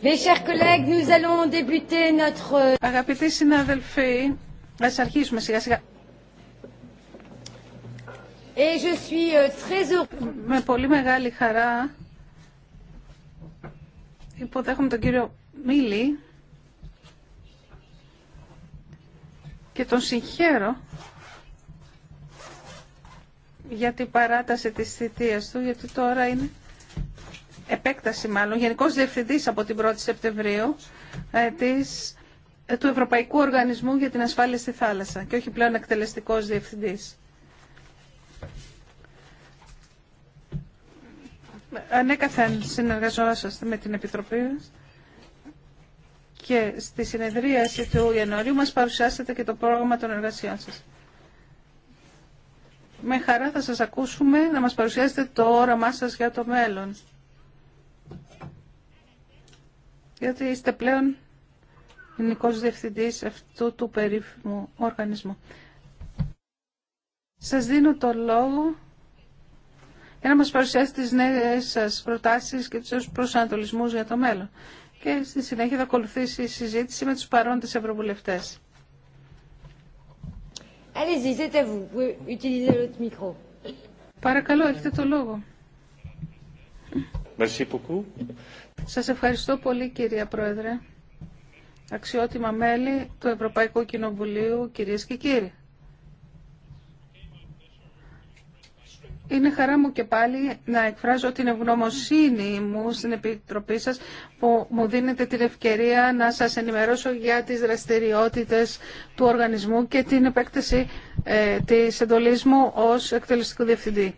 Euh, Αγαπητοί συνάδελφοι, ας αρχίσουμε σιγά σιγά. Euh, Με πολύ μεγάλη χαρά υποδέχομαι τον κύριο Μίλη και τον συγχαίρω για την παράταση της θητείας του, γιατί τώρα είναι επέκταση μάλλον, Γενικός Διευθυντής από την 1η Σεπτεμβρίου ε, της, ε, του Ευρωπαϊκού Οργανισμού για την Ασφάλεια στη Θάλασσα και όχι πλέον εκτελεστικός διευθυντής. Ανέκαθεν συνεργαζόσαστε με την Επιτροπή και στη συνεδρίαση του Ιανουαρίου μας παρουσιάσετε και το πρόγραμμα των εργασιών σας. Με χαρά θα σας ακούσουμε να μας παρουσιάσετε το όραμά σας για το μέλλον γιατί είστε πλέον γενικός διευθυντής αυτού του περίφημου οργανισμού. Σας δίνω το λόγο για να μας παρουσιάσετε τις νέες σας προτάσεις και τους προσανατολισμούς για το μέλλον. Και στη συνέχεια θα ακολουθήσει η συζήτηση με τους παρόντες ευρωβουλευτές. Παρακαλώ, έχετε το λόγο. Merci Σας ευχαριστώ πολύ κυρία Πρόεδρε. Αξιότιμα μέλη του Ευρωπαϊκού Κοινοβουλίου, κυρίες και κύριοι. Είναι χαρά μου και πάλι να εκφράζω την ευγνωμοσύνη μου στην Επιτροπή σας που μου δίνετε την ευκαιρία να σας ενημερώσω για τις δραστηριότητες του οργανισμού και την επέκταση ε, της εντολής μου ως εκτελεστικού διευθυντή.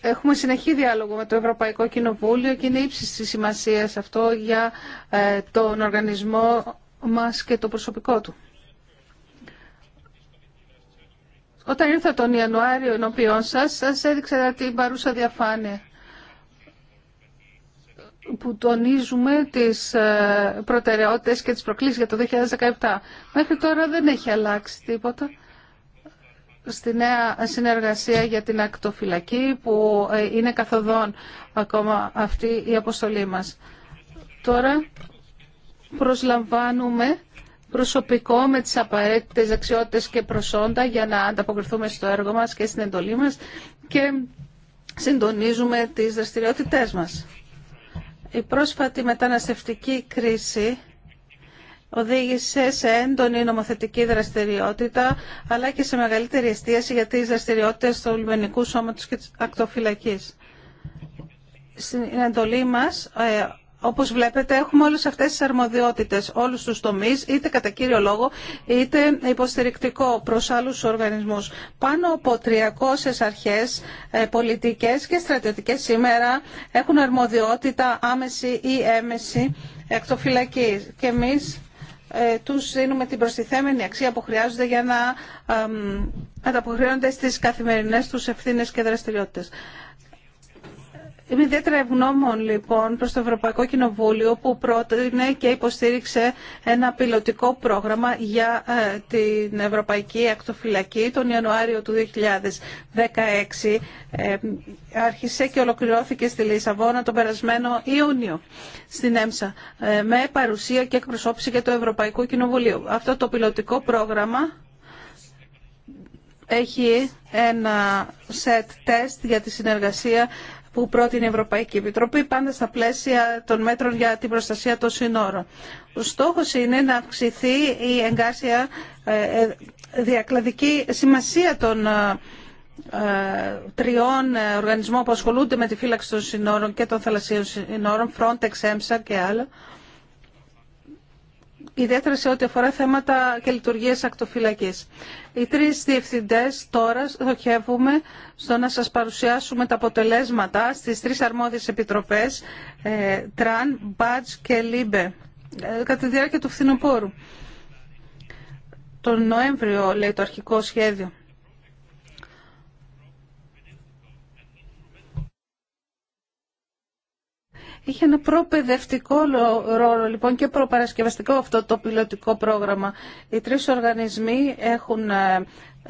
Έχουμε συνεχή διάλογο με το Ευρωπαϊκό Κοινοβούλιο και είναι ύψης της σημασίας αυτό για ε, τον οργανισμό μας και το προσωπικό του. Όταν ήρθα τον Ιανουάριο ενώπιόν σας, σας έδειξα την παρούσα διαφάνεια που τονίζουμε τις ε, προτεραιότητες και τις προκλήσεις για το 2017. Μέχρι τώρα δεν έχει αλλάξει τίποτα στη νέα συνεργασία για την ακτοφυλακή που ε, είναι καθοδόν ακόμα αυτή η αποστολή μας. Τώρα προσλαμβάνουμε προσωπικό με τις απαραίτητες δεξιότητες και προσόντα για να ανταποκριθούμε στο έργο μας και στην εντολή μας και συντονίζουμε τις δραστηριότητές μας. Η πρόσφατη μεταναστευτική κρίση οδήγησε σε έντονη νομοθετική δραστηριότητα αλλά και σε μεγαλύτερη εστίαση για τις δραστηριότητες του λιμενικού σώματος και της ακτοφυλακής. Στην εντολή μας, ε, όπως βλέπετε, έχουμε όλες αυτές τις αρμοδιότητες, όλους τους τομείς, είτε κατά κύριο λόγο, είτε υποστηρικτικό προς άλλους οργανισμούς. Πάνω από 300 αρχές ε, πολιτικές και στρατιωτικές σήμερα έχουν αρμοδιότητα άμεση ή έμεση εκτοφυλακής. Και εμείς ε, τους δίνουμε την προστιθέμενη αξία που χρειάζονται για να ανταποκρίνονται στις καθημερινές τους ευθύνες και δραστηριότητες. Είμαι ιδιαίτερα ευγνώμων λοιπόν προς το Ευρωπαϊκό Κοινοβούλιο που πρότεινε και υποστήριξε ένα πιλωτικό πρόγραμμα για ε, την Ευρωπαϊκή Ακτοφυλακή τον Ιανουάριο του 2016. Ε, άρχισε και ολοκληρώθηκε στη Λισαβόνα τον περασμένο Ιούνιο στην ΕΜΣΑ ε, με παρουσία και εκπροσώπηση και το Ευρωπαϊκού Κοινοβουλίου. Αυτό το πιλωτικό πρόγραμμα έχει ένα set test για τη συνεργασία που πρότεινε η Ευρωπαϊκή Επιτροπή, πάντα στα πλαίσια των μέτρων για την προστασία των συνόρων. Ο στόχος είναι να αυξηθεί η εγκάσια ε, ε, διακλαδική σημασία των ε, τριών οργανισμών που ασχολούνται με τη φύλαξη των συνόρων και των θαλασσίων συνόρων, Frontex, EMSA και άλλα, ιδιαίτερα σε ό,τι αφορά θέματα και λειτουργίες ακτοφυλακή. Οι τρει διευθυντέ τώρα δοχεύουμε στο να σα παρουσιάσουμε τα αποτελέσματα στις τρεις αρμόδιες επιτροπές, ε, Τραν, Μπάτζ και Λίμπε, ε, κατά τη διάρκεια του φθινοπόρου. Τον Νοέμβριο λέει το αρχικό σχέδιο. Είχε ένα προπαιδευτικό ρόλο λοιπόν και προπαρασκευαστικό αυτό το πιλωτικό πρόγραμμα. Οι τρεις οργανισμοί έχουν ε,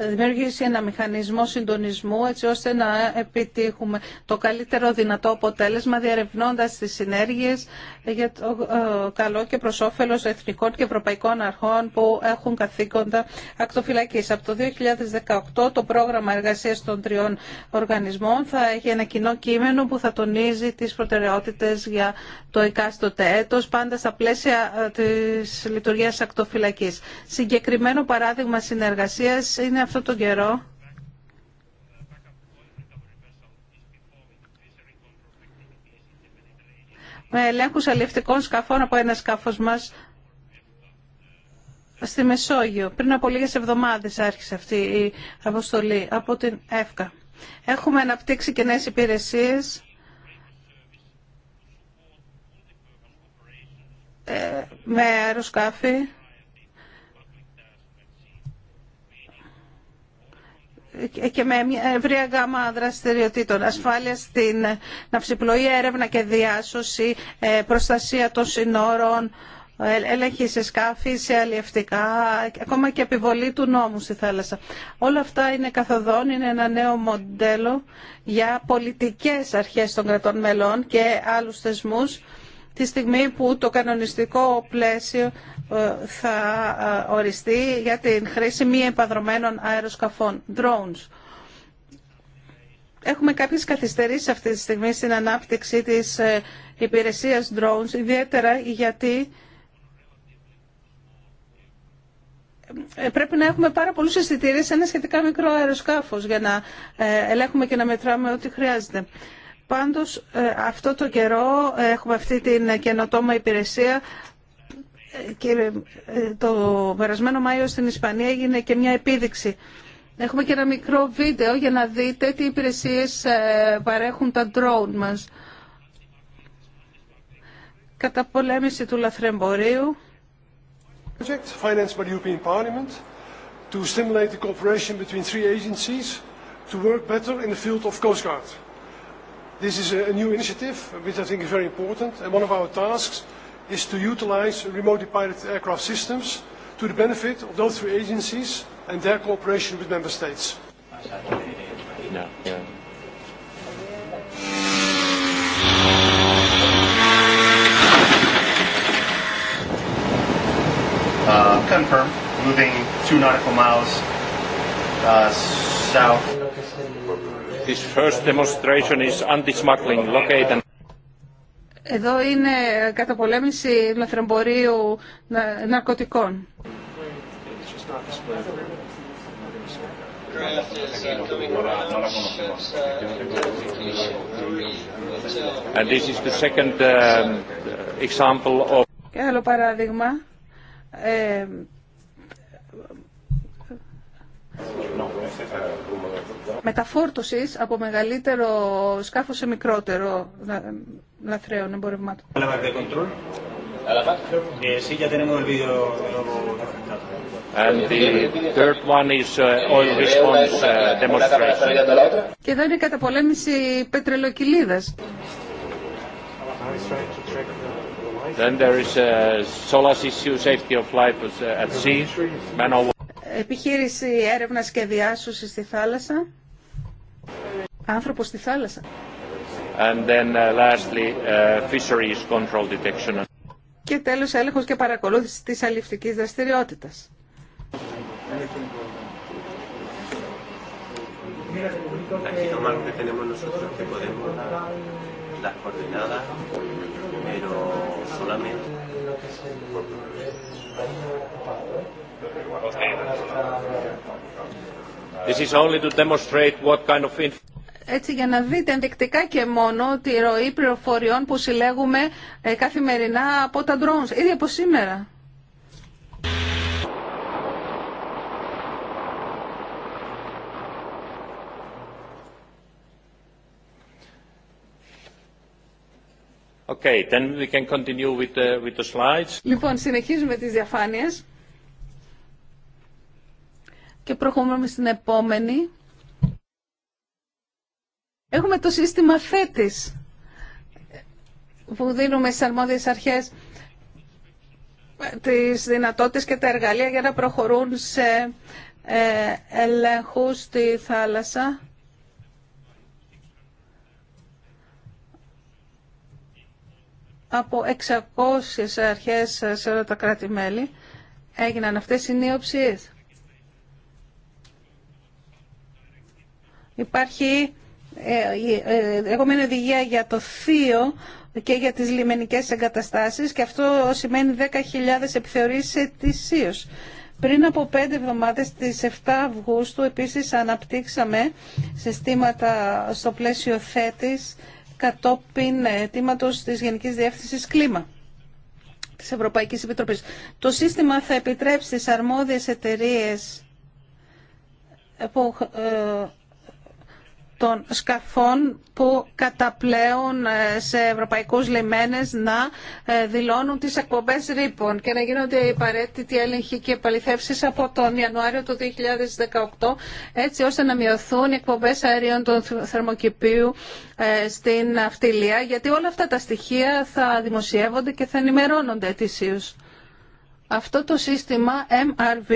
δημιουργήσει ένα μηχανισμό συντονισμού έτσι ώστε να επιτύχουμε το καλύτερο δυνατό αποτέλεσμα διαρευνώντας τις συνέργειες, για το ε, καλό και προς όφελος εθνικών και ευρωπαϊκών αρχών που έχουν καθήκοντα ακτοφυλακής. Από το 2018 το πρόγραμμα εργασίας των τριών οργανισμών θα έχει ένα κοινό κείμενο που θα τονίζει τις προτεραιότητες για το εκάστοτε έτος πάντα στα πλαίσια ε, της λειτουργίας ακτοφυλακής. Συγκεκριμένο παράδειγμα συνεργασίας είναι αυτό τον καιρό με ελέγχους αλληλευτικών σκαφών από ένα σκάφος μας στη Μεσόγειο. Πριν από λίγες εβδομάδες άρχισε αυτή η αποστολή από την ΕΦΚΑ. Έχουμε αναπτύξει και νέες υπηρεσίες. Ε, με αεροσκάφη και με μια ευρία γάμα δραστηριοτήτων. Ασφάλεια στην ναυσιπλοεία, έρευνα και διάσωση, ε, προστασία των συνόρων, ε, έλεγχη σε σκάφη, σε αλλιευτικά, ακόμα και επιβολή του νόμου στη θάλασσα. Όλα αυτά είναι καθοδόν, είναι ένα νέο μοντέλο για πολιτικές αρχές των κρατών μελών και άλλους θεσμούς τη στιγμή που το κανονιστικό πλαίσιο ε, θα ε, οριστεί για την χρήση μη επαδρομένων αεροσκαφών, drones. Έχουμε κάποιες καθυστερήσεις αυτή τη στιγμή στην ανάπτυξη της ε, υπηρεσίας drones, ιδιαίτερα γιατί πρέπει να έχουμε πάρα πολλούς αισθητήρε σε ένα σχετικά μικρό αεροσκάφος για να ελέγχουμε και να μετράμε ό,τι χρειάζεται. Πάντως αυτό το καιρό έχουμε αυτή την καινοτόμα υπηρεσία και το περασμένο Μάιο στην Ισπανία έγινε και μια επίδειξη. Έχουμε και ένα μικρό βίντεο για να δείτε τι υπηρεσίες παρέχουν τα drone μας. Κατά Καταπολέμηση του λαθρεμπορίου. Project financed by the European Parliament to stimulate the cooperation between three agencies to work better in the field of Coast Guard. This is a new initiative which I think is very important and one of our tasks is to utilize remotely piloted aircraft systems to the benefit of those three agencies and their cooperation with member states. No, Uh, confirm, moving two nautical miles uh, south. This first demonstration is anti-smuggling, locate and εδώ είναι καταπολέμηση λαθρεμπορίου ναρκωτικών. Um, Και άλλο παράδειγμα, ε, μεταφόρτωσης από μεγαλύτερο σκάφος σε μικρότερο λαθρέων εμπορευμάτων. Και εδώ είναι η καταπολέμηση πετρελοκυλίδας. Then there is solar issue, safety of life at sea, επιχείρηση έρευνας και διάσωσης στη θάλασσα. Άνθρωπος στη θάλασσα. And then, uh, lastly, uh, fisheries control detection. Και τέλος έλεγχος και παρακολούθηση της αληφτικής δραστηριότητας. Aquí lo que tenemos nosotros que podemos las coordenadas, pero solamente to demonstrate what kind of έτσι για να δείτε ενδεικτικά και μόνο τη ροή πληροφοριών που συλλέγουμε ε, καθημερινά από τα drones, ήδη από σήμερα. Okay, then we can continue Λοιπόν, συνεχίζουμε τις διαφάνειες και προχωρούμε στην επόμενη. Έχουμε το σύστημα θέτης που δίνουμε στις αρμόδιες αρχές τις δυνατότητες και τα εργαλεία για να προχωρούν σε ε, ελέγχους στη θάλασσα από 600 αρχές σε όλα τα κράτη-μέλη έγιναν αυτές οι νέοψίες. Υπάρχει ε, ε, εγωμένη οδηγία για το θείο και για τις λιμενικές εγκαταστάσεις και αυτό σημαίνει 10.000 επιθεωρήσεις ετησίως. Πριν από πέντε εβδομάδες, στις 7 Αυγούστου, επίσης αναπτύξαμε συστήματα στο πλαίσιο θέτης κατόπιν αιτήματο της Γενικής διεύθυνση Κλίμα τη Ευρωπαϊκή Επιτροπή. Το σύστημα θα επιτρέψει στις αρμόδιε εταιρείε. που ε, των σκαφών που καταπλέουν ε, σε ευρωπαϊκούς λιμένες να ε, δηλώνουν τις εκπομπές ρήπων και να γίνονται οι απαραίτητοι έλεγχοι και επαληθεύσεις από τον Ιανουάριο του 2018 έτσι ώστε να μειωθούν οι εκπομπές αερίων των θερμοκηπίου ε, στην αυτιλία γιατί όλα αυτά τα στοιχεία θα δημοσιεύονται και θα ενημερώνονται ετησίως. Αυτό το σύστημα MRV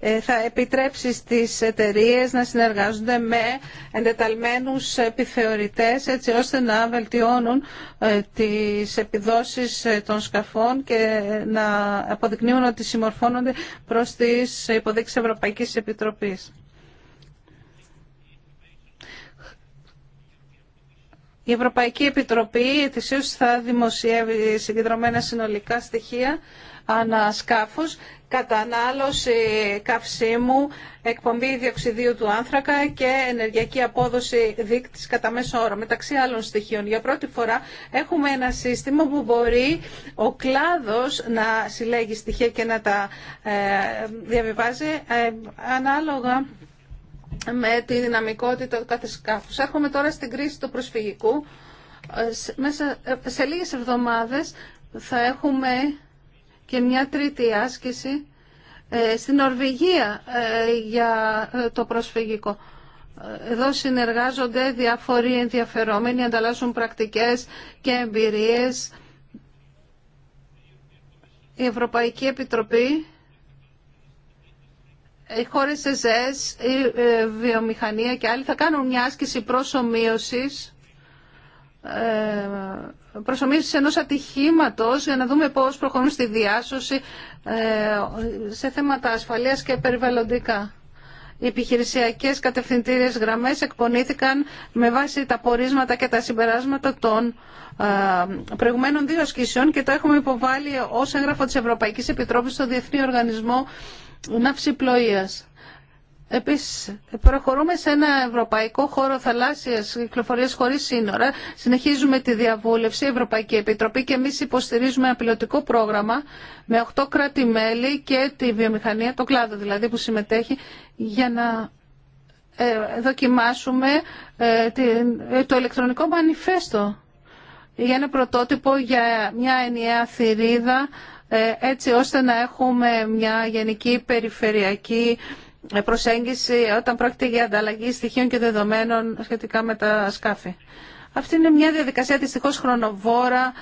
ε, θα επιτρέψει στις εταιρείες να συνεργάζονται με εντεταλμένους επιθεωρητές έτσι ώστε να βελτιώνουν ε, τις επιδόσεις ε, των σκαφών και να αποδεικνύουν ότι συμμορφώνονται προς τις υποδείξεις Ευρωπαϊκής Επιτροπής. Η Ευρωπαϊκή Επιτροπή ετησίως θα δημοσιεύει συγκεντρωμένα συνολικά στοιχεία ανασκάφους, κατανάλωση καυσίμου, εκπομπή διοξιδίου του άνθρακα και ενεργειακή απόδοση δείκτης κατά μέσο όρο. Μεταξύ άλλων στοιχείων, για πρώτη φορά έχουμε ένα σύστημα που μπορεί ο κλάδος να συλλέγει στοιχεία και να τα ε, διαβιβάζει ε, ανάλογα με τη δυναμικότητα του κάθε σκάφους. Έρχομαι τώρα στην κρίση του προσφυγικού. Ε, μέσα σε λίγες εβδομάδες θα έχουμε και μια τρίτη άσκηση ε, στην Νορβηγία ε, για ε, το προσφυγικό. Εδώ συνεργάζονται διάφοροι ενδιαφερόμενοι, ανταλλάσσουν πρακτικές και εμπειρίες. Η Ευρωπαϊκή Επιτροπή, οι χώρες ΕΖΕΣ, η βιομηχανία και άλλοι θα κάνουν μια άσκηση προσωμείωσης προσωμείωση ενός ατυχήματος για να δούμε πώς προχωρούν στη διάσωση ε, σε θέματα ασφαλείας και περιβαλλοντικά. Οι επιχειρησιακές κατευθυντήριες γραμμές εκπονήθηκαν με βάση τα πορίσματα και τα συμπεράσματα των ε, προηγουμένων δύο ασκήσεων και το έχουμε υποβάλει ως έγγραφο της Ευρωπαϊκής Επιτρόπης στο Διεθνή Οργανισμό Ναυσιπλοείας. Επίσης, προχωρούμε σε ένα ευρωπαϊκό χώρο θαλάσσιας κυκλοφορίας χωρίς σύνορα. Συνεχίζουμε τη διαβούλευση, η Ευρωπαϊκή Επιτροπή και εμείς υποστηρίζουμε ένα πιλωτικό πρόγραμμα με 8 κράτη-μέλη και τη βιομηχανία, το κλάδο δηλαδή που συμμετέχει, για να ε, δοκιμάσουμε ε, ε, το ηλεκτρονικό μανιφέστο για ένα πρωτότυπο για μια ενιαία θηρίδα έτσι ώστε να έχουμε μια γενική περιφερειακή προσέγγιση όταν πρόκειται για ανταλλαγή στοιχείων και δεδομένων σχετικά με τα σκάφη. Αυτή είναι μια διαδικασία δυστυχώ χρονοβόρα,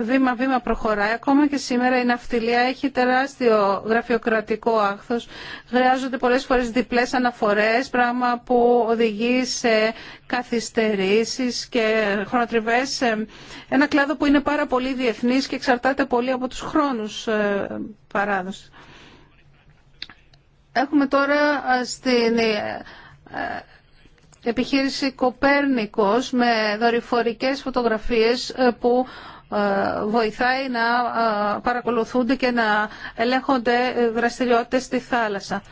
βήμα-βήμα ε, προχωράει. Ακόμα και σήμερα η ναυτιλία έχει τεράστιο γραφειοκρατικό άχθο. Χρειάζονται πολλές φορές διπλές αναφορές, πράγμα που οδηγεί σε καθυστερήσει και χρονοτριβές. Ένα κλάδο που είναι πάρα πολύ διεθνή και εξαρτάται πολύ από τους χρόνους ε, παράδοση. Έχουμε τώρα στην ε, ε, επιχείρηση Κοπέρνικος με δορυφορικές φωτογραφίες ε, που βοηθάει να παρακολουθούνται και να ελέγχονται δραστηριότητες στη θάλασσα.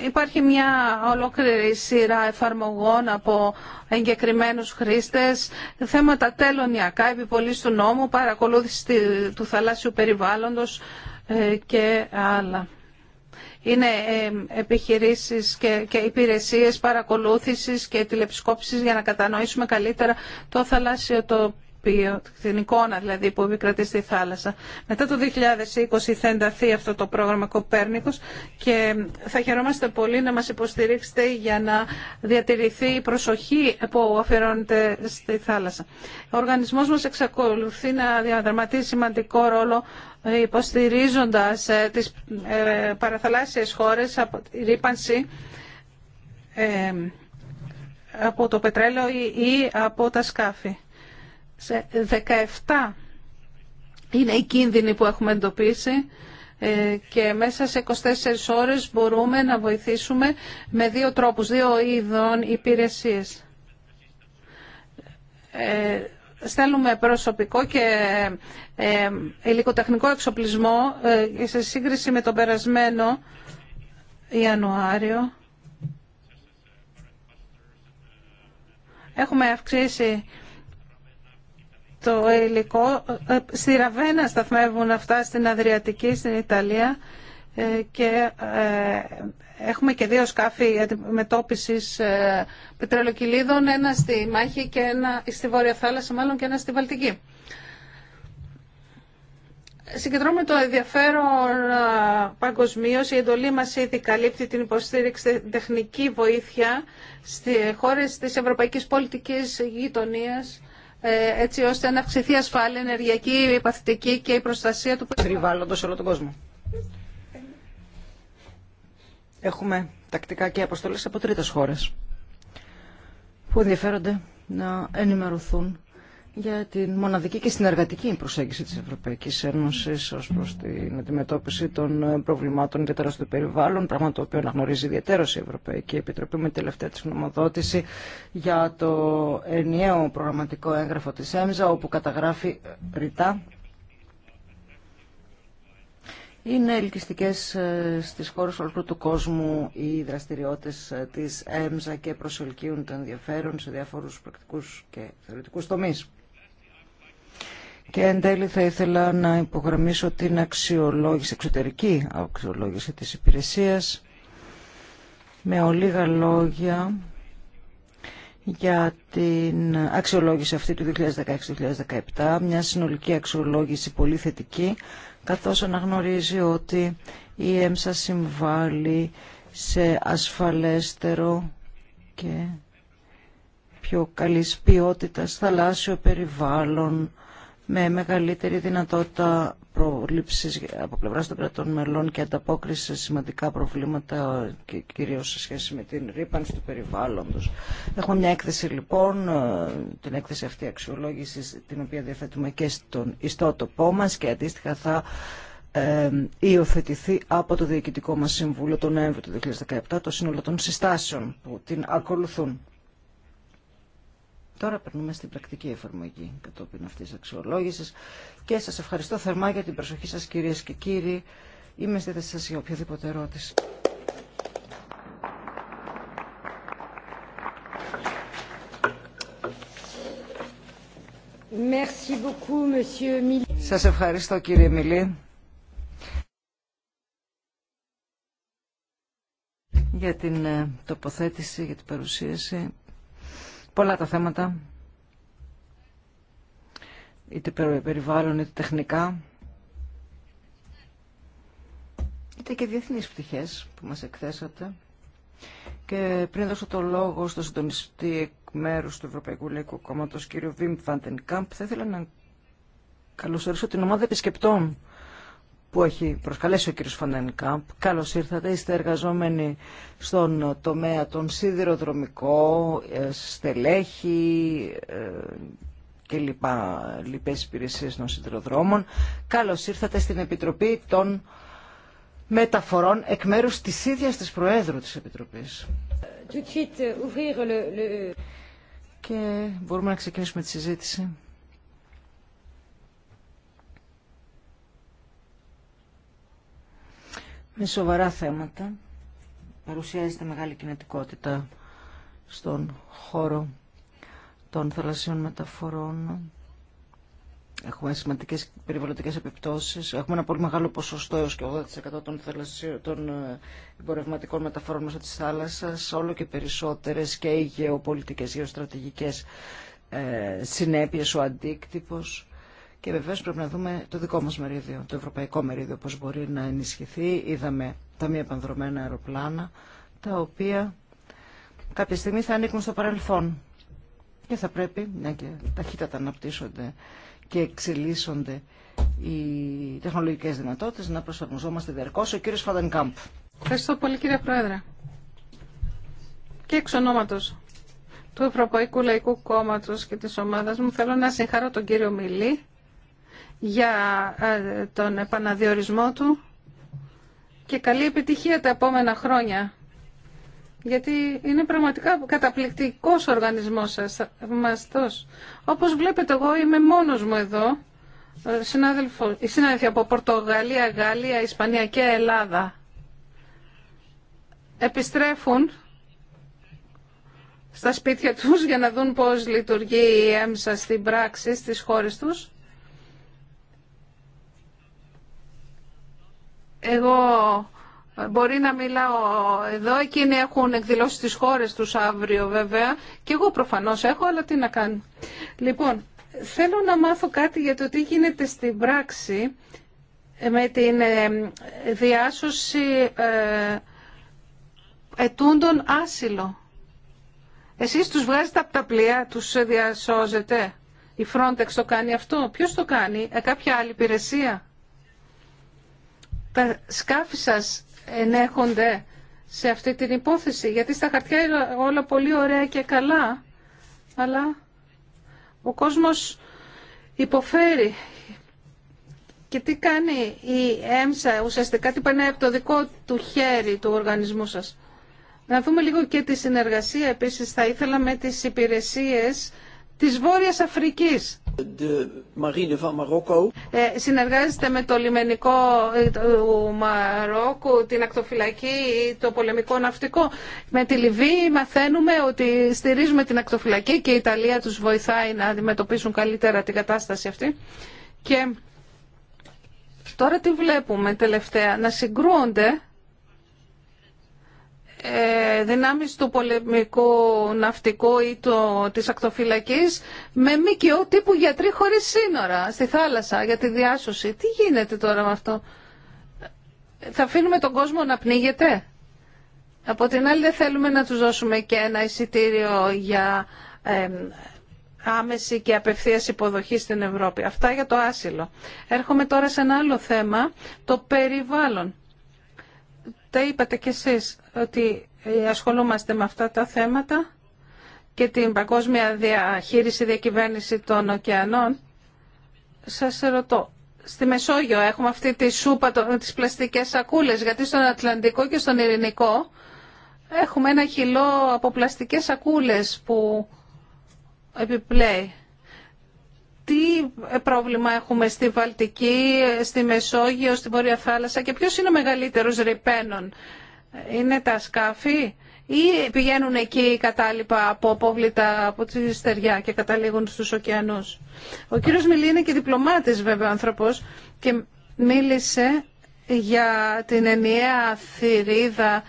Υπάρχει μια ολόκληρη σειρά εφαρμογών από εγκεκριμένους χρήστες, θέματα τελωνιακά, επιπολής του νόμου, παρακολούθηση του θαλάσσιου περιβάλλοντος ε, και άλλα. Είναι ε, επιχειρήσεις και υπηρεσίες παρακολούθησης και τηλεπισκόπησης για να κατανοήσουμε καλύτερα το θαλάσσιο το την εικόνα δηλαδή που επικρατεί στη θάλασσα. Μετά το 2020 θα ενταθεί αυτό το πρόγραμμα Κοπέρνικος και θα χαιρόμαστε πολύ να μας υποστηρίξετε για να διατηρηθεί η προσοχή που αφιερώνεται στη θάλασσα. Ο οργανισμός μας εξακολουθεί να διαδραματίζει σημαντικό ρόλο ε, υποστηρίζοντας ε, τις ε, παραθαλάσσιες χώρες από τη ρήπανση από το πετρέλαιο ή από τα σκάφη. Σε 17 είναι οι κίνδυνοι που έχουμε εντοπίσει ε, και μέσα σε 24 ώρες μπορούμε να βοηθήσουμε με δύο τρόπους, δύο ειδών υπηρεσίες. Ε, στέλνουμε προσωπικό και ε, υλικοτεχνικό εξοπλισμό ε, σε σύγκριση με τον περασμένο Ιανουάριο. Έχουμε αυξήσει το υλικό. Ε, στη Ραβένα σταθμεύουν αυτά στην Αδριατική, στην Ιταλία ε, και ε, έχουμε και δύο σκάφη αντιμετώπισης πετρελοκυλίδων, ένα στη Μάχη και ένα στη Βόρεια Θάλασσα μάλλον και ένα στη Βαλτική. Συγκεντρώνουμε το ενδιαφέρον παγκοσμίω. Η εντολή μα ήδη καλύπτει την υποστήριξη τεχνική βοήθεια στι χώρε τη ευρωπαϊκή πολιτική γειτονία ε, έτσι ώστε να αυξηθεί ασφάλεια, ενεργειακή, η παθητική και η προστασία του περιβάλλοντος σε όλο τον κόσμο. Έχουμε τακτικά και αποστολές από τρίτες χώρες που ενδιαφέρονται να ενημερωθούν για την μοναδική και συνεργατική προσέγγιση της Ευρωπαϊκής Ένωσης ως προς την αντιμετώπιση των προβλημάτων ιδιαίτερα στο περιβάλλον, πράγμα το οποίο αναγνωρίζει ιδιαίτερα η Ευρωπαϊκή Επιτροπή με τελευταία της γνωμοδότηση για το ενιαίο προγραμματικό έγγραφο της ΕΜΖΑ, όπου καταγράφει ρητά είναι ελκυστικέ ε, στι χώρε όλου του κόσμου οι δραστηριότητε ε, τη ΕΜΖΑ και προσελκύουν το ενδιαφέρον σε διάφορου πρακτικού και θεωρητικού τομεί. Και εν τέλει θα ήθελα να υπογραμμίσω την αξιολόγηση, εξωτερική αξιολόγηση της υπηρεσίας με ολίγα λόγια για την αξιολόγηση αυτή του 2016-2017, μια συνολική αξιολόγηση πολύ θετική, καθώς αναγνωρίζει ότι η ΕΜΣΑ συμβάλλει σε ασφαλέστερο και πιο καλής ποιότητας θαλάσσιο περιβάλλον, με μεγαλύτερη δυνατότητα προλήψης από πλευράς των κρατών μελών και ανταπόκριση σε σημαντικά προβλήματα και κυρίως σε σχέση με την ρήπανση του περιβάλλοντος. Έχουμε μια έκθεση λοιπόν, την έκθεση αυτή αξιολόγησης, την οποία διαθέτουμε και στον ιστότοπό μας και αντίστοιχα θα ε, υιοθετηθεί από το Διοικητικό μας Συμβούλιο τον Νοέμβριο του 2017 το σύνολο των συστάσεων που την ακολουθούν. Τώρα περνούμε στην πρακτική εφαρμογή κατόπιν αυτή τη αξιολόγηση και σα ευχαριστώ θερμά για την προσοχή σα, κυρίες και κύριοι. Είμαι στη θέση σα για οποιαδήποτε ερώτηση. Σα σας ευχαριστώ κύριε Μιλή για την ε, τοποθέτηση, για την παρουσίαση. Πολλά τα θέματα, είτε περιβάλλον, είτε τεχνικά, είτε και διεθνείς πτυχές που μας εκθέσατε. Και πριν δώσω το λόγο στο συντονιστή εκ μέρους του Ευρωπαϊκού Λαϊκού Κόμματος, κύριο Βίμ Καμπ, θα ήθελα να καλωσορίσω την ομάδα επισκεπτών που έχει προσκαλέσει ο κύριος Φανενκάμπ. Καλώς ήρθατε, είστε εργαζόμενοι στον τομέα των σιδηροδρομικών, ε, στελέχη ε, και λοιπά λοιπές υπηρεσίες των σιδηροδρόμων. Καλώς ήρθατε στην Επιτροπή των Μεταφορών εκ μέρους της ίδιας της Προέδρου της Επιτροπής. Και μπορούμε να ξεκινήσουμε τη συζήτηση. με σοβαρά θέματα. Παρουσιάζεται μεγάλη κινητικότητα στον χώρο των θαλασσίων μεταφορών. Έχουμε σημαντικές περιβαλλοντικές επιπτώσεις. Έχουμε ένα πολύ μεγάλο ποσοστό έω και 80% των, των ε, εμπορευματικών μεταφορών μέσα τη θάλασσα, Όλο και περισσότερες και οι γεωπολιτικέ, γεωστρατηγικές ε, συνέπειες, ο αντίκτυπος και βεβαίω πρέπει να δούμε το δικό μα μερίδιο, το ευρωπαϊκό μερίδιο, πώ μπορεί να ενισχυθεί. Είδαμε τα μη επανδρομένα αεροπλάνα, τα οποία κάποια στιγμή θα ανήκουν στο παρελθόν και θα πρέπει, μια και ταχύτατα αναπτύσσονται και εξελίσσονται οι τεχνολογικέ δυνατότητε να προσαρμοζόμαστε διαρκώ. Ο κύριος Φαντανκάμπ. Ευχαριστώ πολύ κύριε Πρόεδρε. Και εξ ονόματος του Ευρωπαϊκού Λαϊκού Κόμματος και τη ομάδα μου θέλω να συγχαρώ τον κύριο Μιλή για ε, τον επαναδιορισμό του και καλή επιτυχία τα επόμενα χρόνια. Γιατί είναι πραγματικά καταπληκτικός ο οργανισμός σας, θαυμαστός. Όπως βλέπετε εγώ είμαι μόνος μου εδώ, οι ε, συνάδελφοι από Πορτογαλία, Γαλλία, Ισπανία και Ελλάδα επιστρέφουν στα σπίτια τους για να δουν πώς λειτουργεί η έμσα στην πράξη στις χώρες τους Εγώ ε, μπορεί να μιλάω εδώ, εκείνοι έχουν εκδηλώσει τις χώρες τους αύριο βέβαια και εγώ προφανώς έχω, αλλά τι να κάνω. Λοιπόν, θέλω να μάθω κάτι για το τι γίνεται στην πράξη ε, με την ε, διάσωση ετούντων άσυλο. Εσείς τους βγάζετε από τα πλοία, τους διασώζετε. Η Frontex το κάνει αυτό. Ποιος το κάνει, κάποια άλλη υπηρεσία τα σκάφη σας ενέχονται σε αυτή την υπόθεση. Γιατί στα χαρτιά είναι όλα πολύ ωραία και καλά, αλλά ο κόσμος υποφέρει. Και τι κάνει η ΕΜΣΑ, ουσιαστικά τι πάνε από το δικό του χέρι του οργανισμού σας. Να δούμε λίγο και τη συνεργασία επίσης θα ήθελα με τις υπηρεσίες της Βόρειας Αφρικής. Ε, συνεργάζεται με το λιμενικό ε, του Μαρόκου, την ακτοφυλακή, το πολεμικό ναυτικό. Με τη Λιβύη μαθαίνουμε ότι στηρίζουμε την ακτοφυλακή και η Ιταλία τους βοηθάει να αντιμετωπίσουν καλύτερα την κατάσταση αυτή. Και τώρα τι βλέπουμε τελευταία, να συγκρούονται ε, δυνάμεις του πολεμικού ναυτικού ή το, της ακτοφυλακής με μήκυο τύπου γιατροί χωρίς σύνορα στη θάλασσα για τη διάσωση. Τι γίνεται τώρα με αυτό. Θα αφήνουμε τον κόσμο να πνίγεται. Από την άλλη δεν θέλουμε να τους δώσουμε και ένα εισιτήριο για άμεση και απευθείας υποδοχή στην Ευρώπη. Αυτά για το άσυλο. Έρχομαι τώρα σε ένα άλλο θέμα, το περιβάλλον. Τα είπατε κι εσείς ότι ασχολούμαστε με αυτά τα θέματα και την παγκόσμια διαχείριση διακυβέρνηση των ωκεανών. Σας ρωτώ, στη Μεσόγειο έχουμε αυτή τη σούπα με τις πλαστικές σακούλες, γιατί στον Ατλαντικό και στον Ειρηνικό έχουμε ένα χυλό από πλαστικές σακούλες που επιπλέει τι ε, πρόβλημα έχουμε στη Βαλτική, ε, στη Μεσόγειο, στη Βόρεια Θάλασσα και ποιος είναι ο μεγαλύτερος ρηπαίνων. Είναι τα σκάφη ή πηγαίνουν εκεί οι κατάλοιπα από απόβλητα από τη στεριά και καταλήγουν στους ωκεανούς. Ο κύριος Μιλή είναι και διπλωμάτης βέβαια άνθρωπος και μίλησε για την ενιαία θηρίδα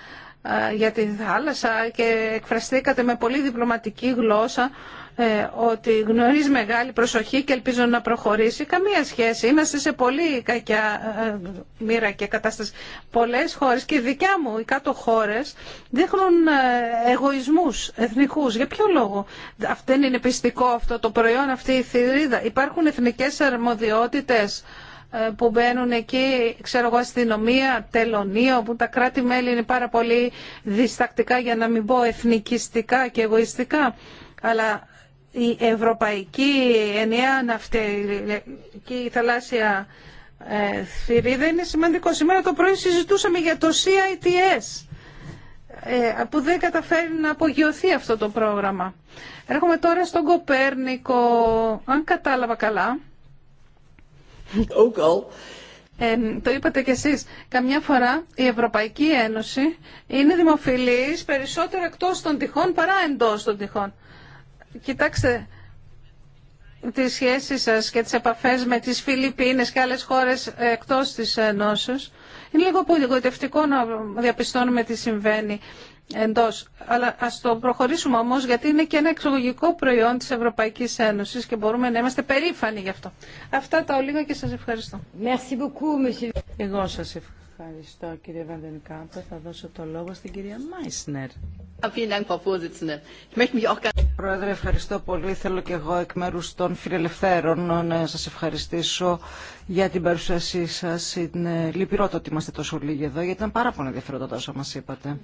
ε, για τη θάλασσα και εκφραστήκατε με πολύ διπλωματική γλώσσα ε, ότι γνωρίζει μεγάλη προσοχή και ελπίζω να προχωρήσει. Καμία σχέση. Είμαστε σε πολύ κακιά ε, μοίρα και κατάσταση. Πολλέ χώρες και δικιά μου, οι κάτω χώρες, δείχνουν ε, εγωισμούς εθνικούς. Για ποιο λόγο. Αυτό είναι πιστικό αυτό το προϊόν, αυτή η θηρίδα. Υπάρχουν εθνικές αρμοδιότητες που μπαίνουν εκεί, ξέρω εγώ, αστυνομία, τελωνία, όπου τα κράτη-μέλη είναι πάρα πολύ διστακτικά για να μην πω εθνικιστικά και εγωιστικά. Αλλά η ευρωπαϊκή ενιαία ναυτιλιακή θαλάσσια ε, θηρίδα είναι σημαντικό. Σήμερα το πρωί συζητούσαμε για το CITS ε, που δεν καταφέρει να απογειωθεί αυτό το πρόγραμμα. Έρχομαι τώρα στον Κοπέρνικο, αν κατάλαβα καλά. Ε, το είπατε κι εσείς, καμιά φορά η Ευρωπαϊκή Ένωση είναι δημοφιλής περισσότερο εκτός των τυχών παρά εντός των τυχών. Κοιτάξτε τις σχέσεις σας και τις επαφές με τις Φιλιππίνες και άλλες χώρες εκτός της Ενώσεως. Είναι λίγο απογοητευτικό να διαπιστώνουμε τι συμβαίνει εντός. Αλλά ας το προχωρήσουμε όμως γιατί είναι και ένα εξογωγικό προϊόν της Ευρωπαϊκής Ένωσης και μπορούμε να είμαστε περήφανοι γι' αυτό. Αυτά τα ολίγα και σας ευχαριστώ. Εγώ σας ευχαριστώ. Ευχαριστώ κύριε Βαντενικάμπε. Θα δώσω το λόγο στην κυρία Μάισνερ. Πρόεδρε, ευχαριστώ πολύ. Θέλω και εγώ εκ μέρου των φιλελευθέρων να σα ευχαριστήσω για την παρουσίασή σα, Είναι λυπηρό το ότι είμαστε τόσο λίγοι εδώ, γιατί ήταν πάρα πολύ ενδιαφέροντα τα όσα μα είπατε.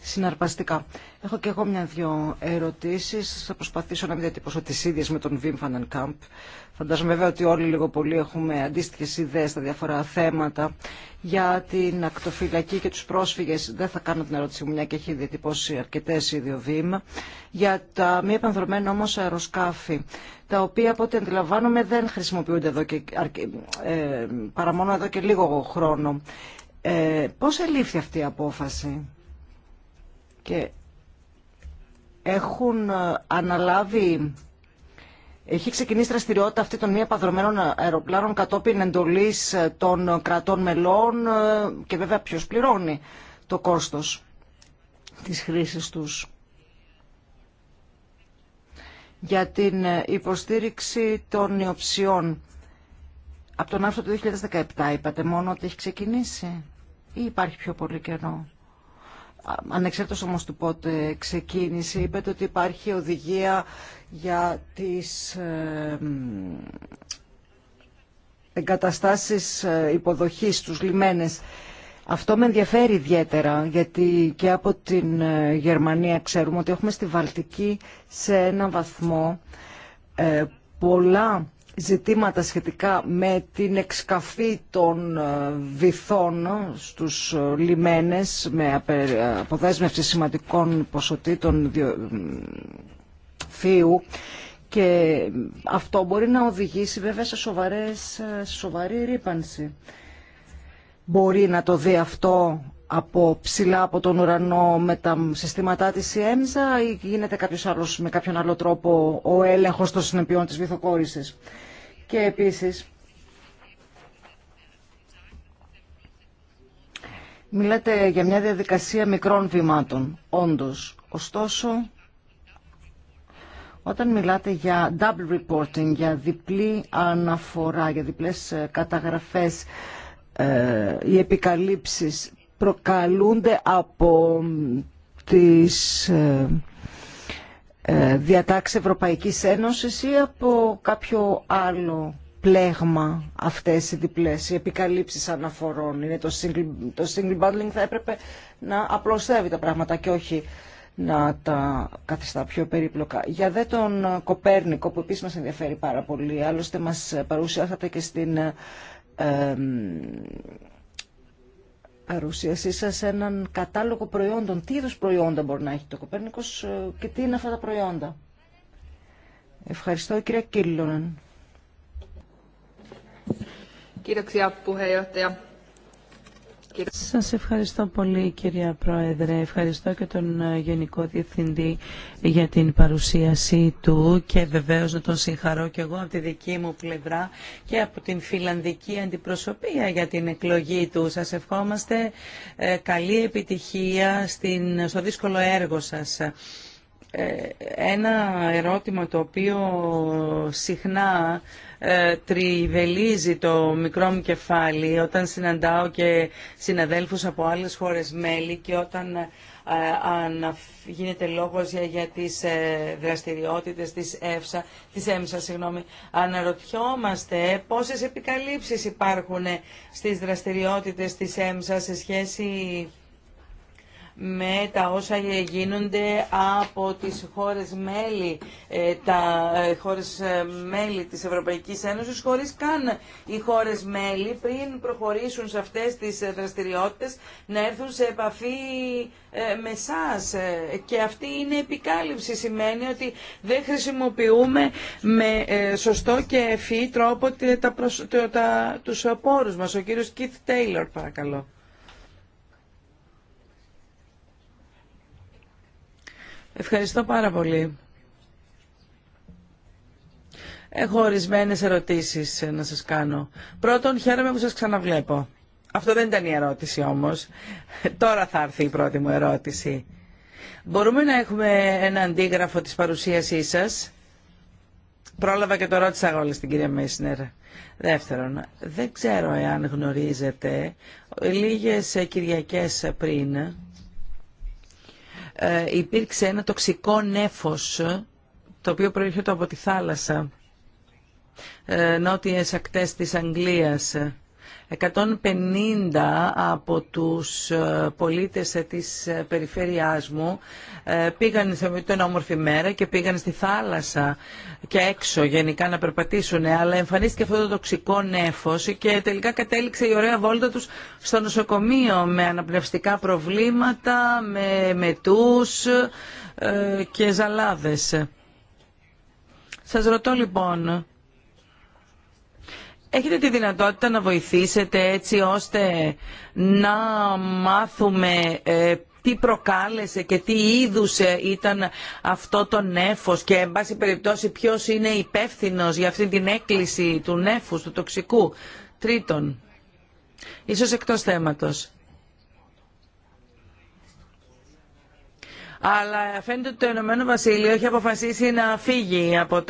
Συναρπαστικά. Έχω και εγώ μια-δυο ερωτήσει. Θα προσπαθήσω να μην διατυπώσω τι ίδιε με τον Βιμ Φανενκάμπ. Κάμπ. Φαντάζομαι βέβαια ότι όλοι λίγο πολύ έχουμε αντίστοιχε ιδέε στα διάφορα θέματα. Για την ακτοφυλακή και του πρόσφυγε, δεν θα κάνω την ερώτησή μου, μια και έχει διατυπώσει αρκετέ ήδη Βήμα. Για τα μη επανδρομένα όμω αεροσκάφη, τα οποία από ό,τι αντιλαμβάνομαι δεν χρησιμοποιούνται εδώ και, ε, παρά μόνο εδώ και λίγο χρόνο. Ε, πώς ελήφθη αυτή η απόφαση και έχουν ε, αναλάβει έχει ξεκινήσει δραστηριότητα αυτή των μη επαδρομένων αεροπλάνων κατόπιν εντολής ε, των κρατών μελών ε, και βέβαια ποιος πληρώνει το κόστος της χρήσης τους. Για την ε, υποστήριξη των ιοψιών. Από τον Άρθρο του 2017 είπατε μόνο ότι έχει ξεκινήσει ή υπάρχει πιο πολύ καιρό. Ανεξάρτητος όμως του πότε ξεκίνησε, είπετε ότι υπάρχει οδηγία για τις ε, εγκαταστάσεις ε, υποδοχής, τους λιμένες. Αυτό με ενδιαφέρει ιδιαίτερα, γιατί και από την ε, Γερμανία ξέρουμε ότι έχουμε στη Βαλτική σε ένα βαθμό πολλά ζητήματα σχετικά με την εξκαφή των ε, βυθών στους ε, λιμένες με αποδέσμευση σημαντικών ποσοτήτων θείου και αυτό μπορεί να οδηγήσει βέβαια σε, σοβαρές, ε, σε σοβαρή ρήπανση. Μπορεί να το δει αυτό από ψηλά από τον ουρανό με τα συστήματά της η ΕΜΖΑ ή γίνεται κάποιος άλλος, με κάποιον άλλο τρόπο ο έλεγχος των συνεπειών της βυθοκόρησης. Και επίσης, μιλάτε για μια διαδικασία μικρών βημάτων, όντως. Ωστόσο, όταν μιλάτε για double reporting, για διπλή αναφορά, για διπλές καταγραφές, ε, οι επικαλύψεις προκαλούνται από τις ε, ε, διατάξεις Ευρωπαϊκής Ένωσης ή από κάποιο άλλο πλέγμα αυτές οι διπλές, οι επικαλύψεις αναφορών. Είναι το single, το single bundling θα έπρεπε να απλωστεύει τα πράγματα και όχι να τα καθιστά πιο περίπλοκα. Για δε τον Κοπέρνικο που επίσης μας ενδιαφέρει πάρα πολύ, άλλωστε μας παρουσιάσατε και στην ε, παρουσίασή σας έναν κατάλογο προϊόντων. Τι είδου προϊόντα μπορεί να έχει το Κοπέρνικο ε, και τι είναι αυτά τα προϊόντα. Ευχαριστώ κυρία Κίλλονεν. Σας ευχαριστώ πολύ κυρία Πρόεδρε. Ευχαριστώ και τον ε, Γενικό Διευθυντή για την παρουσίασή του και βεβαίως να τον συγχαρώ και εγώ από τη δική μου πλευρά και από την φιλανδική αντιπροσωπεία για την εκλογή του. Σας ευχόμαστε ε, καλή επιτυχία στην, στο δύσκολο έργο σας. Ε, ένα ερώτημα το οποίο συχνά ε, τριβελίζει το μικρό μου κεφάλι όταν συναντάω και συναδέλφους από άλλες χώρες μέλη και όταν ε, γίνεται λόγος για, για τις δραστηριότητες της ΕΦΣΑ, της ΕΜΣΑ, συγγνώμη, αναρωτιόμαστε πόσες επικαλύψεις υπάρχουν στις δραστηριότητες της ΕΜΣΑ σε σχέση με τα όσα γίνονται από τις χώρες μέλη, ε, τα ε, χώρες ε, μέλη της Ευρωπαϊκής Ένωσης, χωρίς καν οι χώρες μέλη πριν προχωρήσουν σε αυτές τις δραστηριότητες να έρθουν σε επαφή με εσά. Και αυτή είναι επικάλυψη. Σημαίνει ότι δεν χρησιμοποιούμε με σωστό και ευφύ τρόπο τα, τα, τους πόρους μας. Ο κύριος Keith Taylor, παρακαλώ. Ευχαριστώ πάρα πολύ. Έχω ορισμένες ερωτήσεις να σας κάνω. Πρώτον, χαίρομαι που σας ξαναβλέπω. Αυτό δεν ήταν η ερώτηση όμως. Τώρα θα έρθει η πρώτη μου ερώτηση. Μπορούμε να έχουμε ένα αντίγραφο της παρουσίασής σας. Πρόλαβα και το ρώτησα εγώ στην κυρία Μέσνερ. Δεύτερον, δεν ξέρω εάν γνωρίζετε, λίγες ε, Κυριακές πριν ε, υπήρξε ένα τοξικό νέφος το οποίο προέρχεται από τη θάλασσα ε, νότιες ακτές της Αγγλίας 150 από τους ε, πολίτες ε, της ε, περιφέρειάς μου πήγαν σε μια όμορφη μέρα και πήγαν στη θάλασσα και έξω γενικά να περπατήσουν αλλά εμφανίστηκε αυτό το τοξικό νέφος και τελικά κατέληξε η ωραία βόλτα τους στο νοσοκομείο με αναπνευστικά προβλήματα, με μετούς και ζαλάδες. Σας ρωτώ λοιπόν, έχετε τη δυνατότητα να βοηθήσετε έτσι ώστε να μάθουμε ε, τι προκάλεσε και τι είδους ε, ήταν αυτό το νέφος και εν πάση περιπτώσει ποιος είναι υπεύθυνο για αυτή την έκκληση του νέφους, του τοξικού. Τρίτον, ίσως εκτός θέματος. Αλλά φαίνεται ότι το Ηνωμένο Βασίλειο έχει αποφασίσει να φύγει από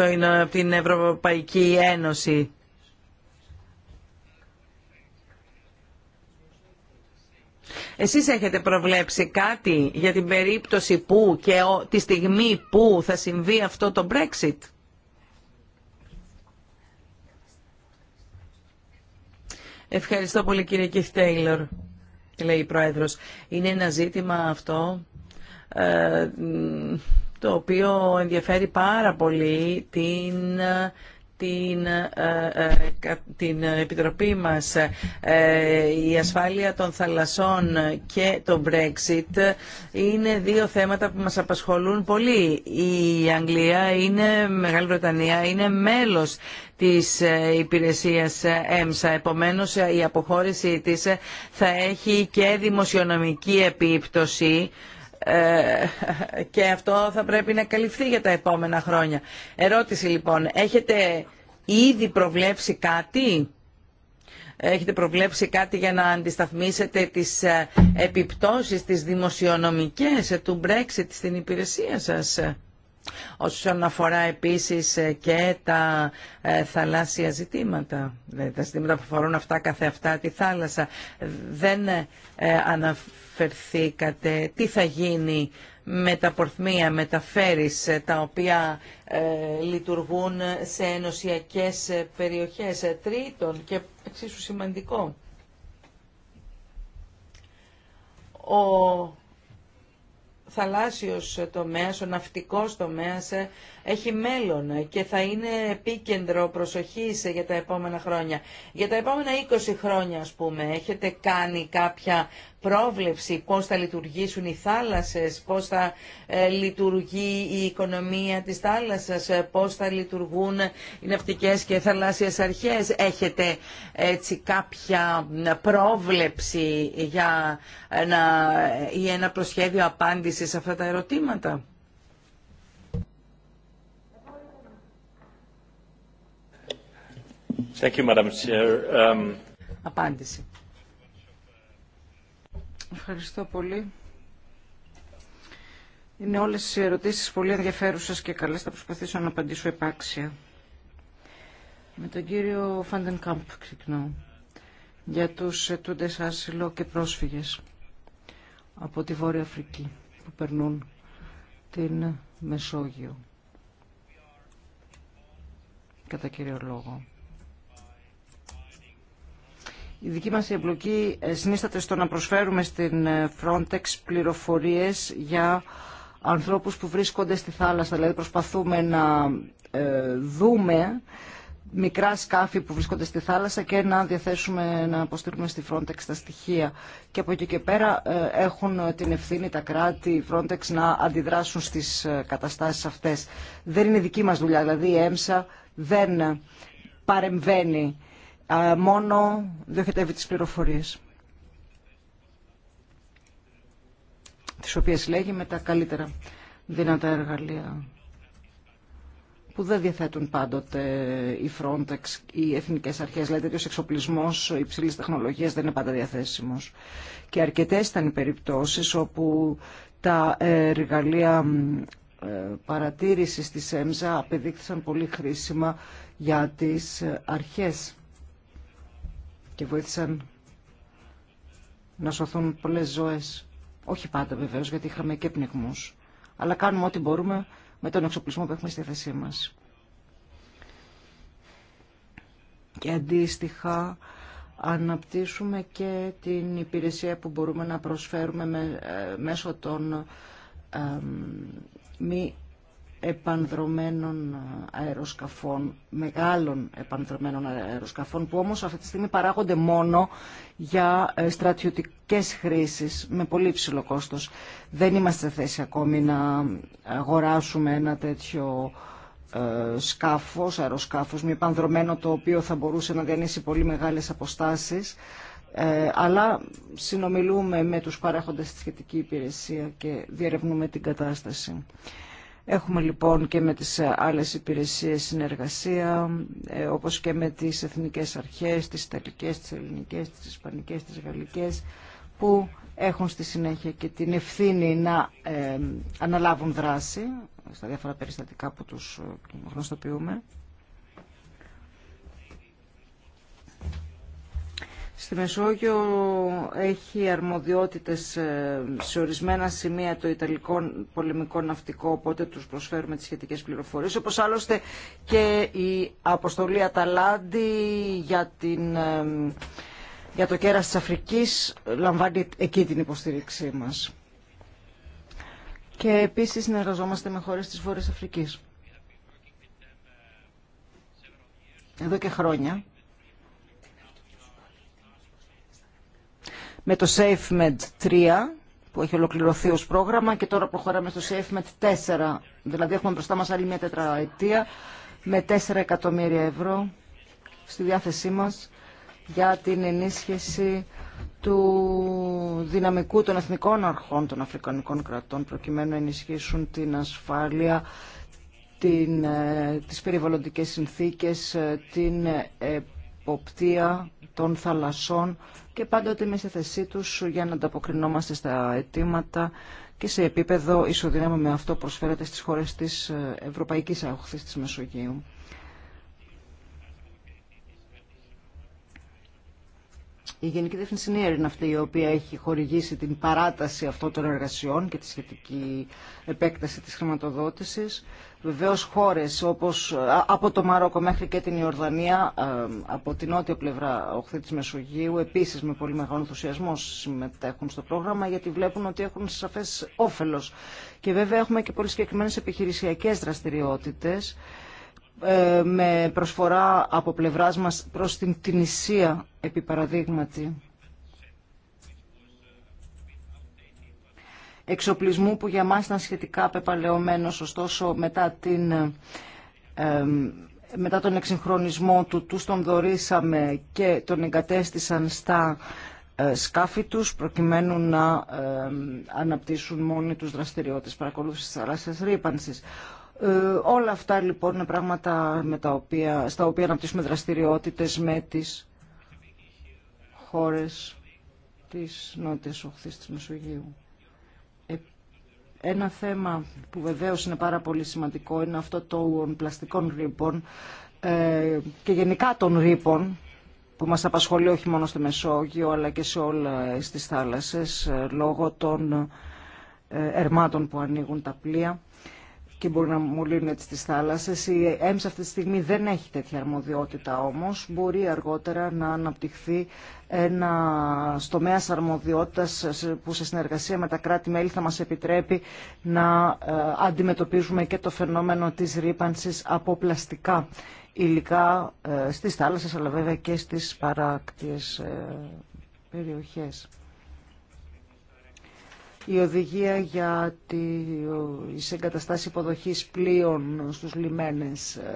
την Ευρωπαϊκή Ένωση. Εσείς έχετε προβλέψει κάτι για την περίπτωση που και τη στιγμή που θα συμβεί αυτό το Brexit. Ευχαριστώ πολύ κύριε Κιθ Τέιλορ, λέει η Πρόεδρος. Είναι ένα ζήτημα αυτό ε, το οποίο ενδιαφέρει πάρα πολύ την την, ε, ε, ε, την Επιτροπή μας η ασφάλεια των θαλασσών και το Brexit είναι δύο θέματα που μας απασχολούν πολύ. Η Αγγλία είναι, Μεγάλη Βρετανία είναι μέλος της υπηρεσίας ΕΜΣΑ. Επομένως η αποχώρησή της θα έχει και δημοσιονομική επίπτωση ε, και αυτό θα πρέπει να καλυφθεί για τα επόμενα χρόνια. Ερώτηση λοιπόν, έχετε ήδη προβλέψει κάτι έχετε προβλέψει κάτι για να αντισταθμίσετε τις ε, επιπτώσεις, τις δημοσιονομικές ε, του Brexit στην υπηρεσία σας. Όσον αφορά επίσης ε, και τα ε, θαλάσσια ζητήματα, δηλαδή τα ζητήματα που αφορούν αυτά καθεαυτά τη θάλασσα, δεν ε, αναφερθήκατε τι θα γίνει με τα πορθμία, με τα φέρις, τα οποία ε, λειτουργούν σε ενωσιακές περιοχές. τρίτων και εξίσου σημαντικό, ο θαλάσσιος τομέας, ο ναυτικός τομέας ε, έχει μέλλον και θα είναι επίκεντρο προσοχής για τα επόμενα χρόνια. Για τα επόμενα 20 χρόνια, ας πούμε, έχετε κάνει κάποια πρόβλεψη πώς θα λειτουργήσουν οι θάλασσες, πώς θα ε, λειτουργεί η οικονομία της θάλασσας, ε, πώς θα λειτουργούν οι ναυτικές και θαλάσσιες αρχές. Έχετε έτσι κάποια πρόβλεψη για ή ένα προσχέδιο απάντηση σε αυτά τα ερωτήματα. Thank um, Απάντηση. Ευχαριστώ πολύ. Είναι όλες οι ερωτήσεις πολύ ενδιαφέρουσες και καλές. Θα προσπαθήσω να απαντήσω επάξια. Με τον κύριο Φάντεν Κάμπ ξεκινώ για τους ετούντες άσυλο και πρόσφυγες από τη Βόρεια Αφρική που περνούν την Μεσόγειο. Κατά κύριο λόγο. Η δική μας εμπλοκή ε, συνίσταται στο να προσφέρουμε στην ε, Frontex πληροφορίες για ανθρώπους που βρίσκονται στη θάλασσα. Δηλαδή προσπαθούμε να ε, δούμε μικρά σκάφη που βρίσκονται στη θάλασσα και να διαθέσουμε, να αποστείλουμε στη Frontex τα στοιχεία. Και από εκεί και πέρα ε, έχουν την ευθύνη τα κράτη Frontex να αντιδράσουν στις ε, καταστάσεις αυτές. Δεν είναι δική μας δουλειά, δηλαδή η ΕΜΣΑ δεν παρεμβαίνει, μόνο διοχετεύει τις πληροφορίες. Τις οποίες λέγει με τα καλύτερα δυνατά εργαλεία που δεν διαθέτουν πάντοτε οι Frontex, οι εθνικές αρχές. Δηλαδή, ο εξοπλισμό υψηλή τεχνολογία δεν είναι πάντα διαθέσιμος. Και αρκετέ ήταν οι περιπτώσεις όπου τα εργαλεία ε, παρατήρησης της ΕΜΖΑ απεδείχθησαν πολύ χρήσιμα για τις αρχές και βοήθησαν να σωθούν πολλές ζωές. Όχι πάντα βεβαίως, γιατί είχαμε και πνιγμούς. Αλλά κάνουμε ό,τι μπορούμε με τον εξοπλισμό που έχουμε στη θέση μας. Και αντίστοιχα αναπτύσσουμε και την υπηρεσία που μπορούμε να προσφέρουμε ε, μέσω των μη επανδρομένων αεροσκαφών, μεγάλων επανδρομένων αεροσκαφών που όμως αυτή τη στιγμή παράγονται μόνο για ε, στρατιωτικές χρήσεις με πολύ ψηλό κόστος. Δεν είμαστε σε θέση ακόμη να αγοράσουμε ένα τέτοιο ε, σκάφος, αεροσκάφος, μη επανδρομένο το οποίο θα μπορούσε να διανύσει πολύ μεγάλες αποστάσεις. Ε, αλλά συνομιλούμε με τους παρέχοντες στη σχετική υπηρεσία και διερευνούμε την κατάσταση. Έχουμε λοιπόν και με τις άλλες υπηρεσίες συνεργασία, ε, όπως και με τις εθνικές αρχές, τις ιταλικές, τις ελληνικές, τις ισπανικές, τις γαλλικές, που έχουν στη συνέχεια και την ευθύνη να ε, αναλάβουν δράση στα διάφορα περιστατικά που τους ε, γνωστοποιούμε. Στη Μεσόγειο έχει αρμοδιότητες ε, σε ορισμένα σημεία το Ιταλικό πολεμικό ναυτικό, οπότε τους προσφέρουμε τις σχετικές πληροφορίες, όπως άλλωστε και η αποστολή Αταλάντη για, την, ε, για το κέρας της Αφρικής λαμβάνει εκεί την υποστήριξή μας. Και επίσης συνεργαζόμαστε με χώρες της Βόρειας Αφρικής. Εδώ και χρόνια με το SafeMed 3 που έχει ολοκληρωθεί ως πρόγραμμα και τώρα προχωράμε στο SafeMed 4. Δηλαδή έχουμε μπροστά μας άλλη μια τετραετία με 4 εκατομμύρια ευρώ στη διάθεσή μας για την ενίσχυση του δυναμικού των εθνικών αρχών των αφρικανικών κρατών προκειμένου να ενισχύσουν την ασφάλεια, την, ε, τις περιβαλλοντικές συνθήκες, ε, την εποπτεία των θαλασσών και πάντοτε είμαι στη θέσή τους για να ανταποκρινόμαστε στα αιτήματα και σε επίπεδο ισοδυνάμω με αυτό προσφέρεται στις χώρες της ε, Ευρωπαϊκής Αγωθής της Μεσογείου. Η Γενική Διευθυνσία είναι αυτή η οποία έχει χορηγήσει την παράταση αυτών των εργασιών και τη σχετική επέκταση της χρηματοδότησης. Βεβαίως χώρες όπως από το Μαρόκο μέχρι και την Ιορδανία, από την νότια πλευρά οχθή της Μεσογείου, επίσης με πολύ μεγάλο ενθουσιασμό συμμετέχουν στο πρόγραμμα γιατί βλέπουν ότι έχουν σαφές όφελος. Και βέβαια έχουμε και πολύ συγκεκριμένε επιχειρησιακές δραστηριότητες ε, με προσφορά από πλευράς μας προς την Τινησία επί παραδείγματι εξοπλισμού που για μας ήταν σχετικά πεπαλαιωμένος, ωστόσο μετά, την, ε, μετά τον εξυγχρονισμό του, τους τον δωρήσαμε και τον εγκατέστησαν στα ε, σκάφη τους προκειμένου να αναπτύσσουν μόνοι τους δραστηριότητες παρακολούθησης της θαλάσσιας ρήπανσης. Ε, όλα αυτά λοιπόν είναι πράγματα με τα οποία, στα οποία αναπτύσσουμε δραστηριότητες με τις χώρες της νότιας οχθής της Μεσογείου. Ένα θέμα που βεβαίως είναι πάρα πολύ σημαντικό είναι αυτό των πλαστικών ρήπων ε, και γενικά των ρήπων που μας απασχολεί όχι μόνο στη Μεσόγειο αλλά και σε όλα στις θάλασσες ε, λόγω των ε, ερμάτων που ανοίγουν τα πλοία και μπορεί να μολύνουν έτσι τις θάλασσες. Η ΕΜΣ αυτή τη στιγμή δεν έχει τέτοια αρμοδιότητα όμως. Μπορεί αργότερα να αναπτυχθεί ένα τομέα αρμοδιότητας που σε συνεργασία με τα κράτη-μέλη θα μας επιτρέπει να ε, αντιμετωπίζουμε και το φαινόμενο της ρήπανσης από πλαστικά υλικά ε, στις θάλασσες αλλά βέβαια και στις παράκτιες ε, περιοχές η οδηγία για τι εγκαταστάσει υποδοχής πλοίων στους λιμένες ε,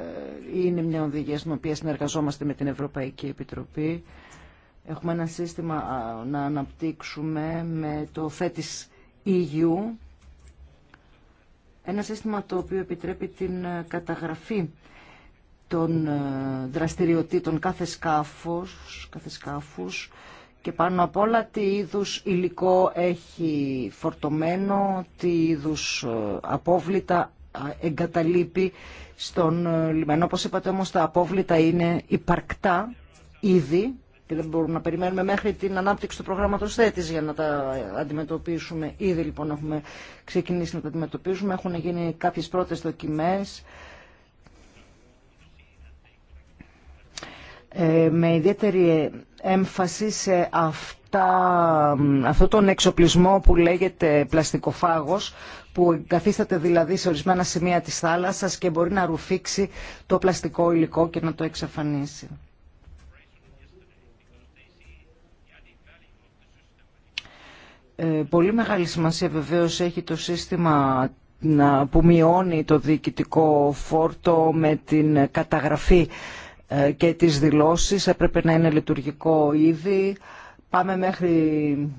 είναι μια οδηγία στην οποία συνεργαζόμαστε με την Ευρωπαϊκή Επιτροπή. Έχουμε ένα σύστημα να αναπτύξουμε με το ΦΕΤΙΣ EU, e ένα σύστημα το οποίο επιτρέπει την ε, καταγραφή των ε, δραστηριοτήτων κάθε κάθε σκάφους και πάνω απ' όλα τι είδους υλικό έχει φορτωμένο, τι είδους ε, απόβλητα εγκαταλείπει στον ε, λιμένο. Όπως είπατε όμως τα απόβλητα είναι υπαρκτά ήδη και δεν μπορούμε να περιμένουμε μέχρι την ανάπτυξη του προγράμματος θέτης για να τα ε, αντιμετωπίσουμε. Ήδη λοιπόν έχουμε ξεκινήσει να τα αντιμετωπίσουμε, έχουν γίνει κάποιες πρώτες δοκιμές. Ε, με ιδιαίτερη έμφαση σε αυτά, αυτό τον εξοπλισμό που λέγεται πλαστικοφάγος, που εγκαθίσταται δηλαδή σε ορισμένα σημεία της θάλασσας και μπορεί να ρουφήξει το πλαστικό υλικό και να το εξαφανίσει. Ε, πολύ μεγάλη σημασία βεβαίως έχει το σύστημα που μειώνει το διοικητικό φόρτο με την καταγραφή ε, και τις δηλώσεις έπρεπε να είναι λειτουργικό ήδη. Πάμε μέχρι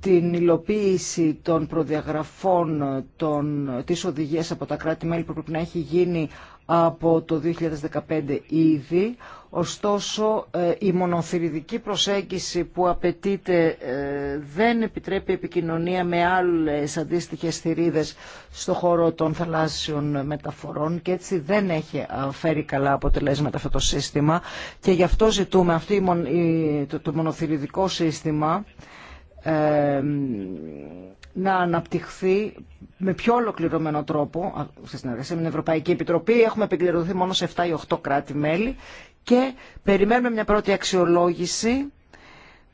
την υλοποίηση των προδιαγραφών των, της οδηγίας από τα κράτη-μέλη που πρέπει να έχει γίνει από το 2015 ήδη. Ωστόσο, ε, η μονοθυριδική προσέγγιση που απαιτείται ε, δεν επιτρέπει επικοινωνία με άλλες αντίστοιχες θηρίδες στο χώρο των θαλάσσιων μεταφορών και έτσι δεν έχει ε, φέρει καλά αποτελέσματα αυτό το σύστημα και γι' αυτό ζητούμε αυτή το μονοθυριδικό σύστημα να αναπτυχθεί με πιο ολοκληρωμένο τρόπο, σε συνεργασία με την Ευρωπαϊκή Επιτροπή. Έχουμε επικληρωθεί μόνο σε 7 ή 8 κράτη-μέλη και περιμένουμε μια πρώτη αξιολόγηση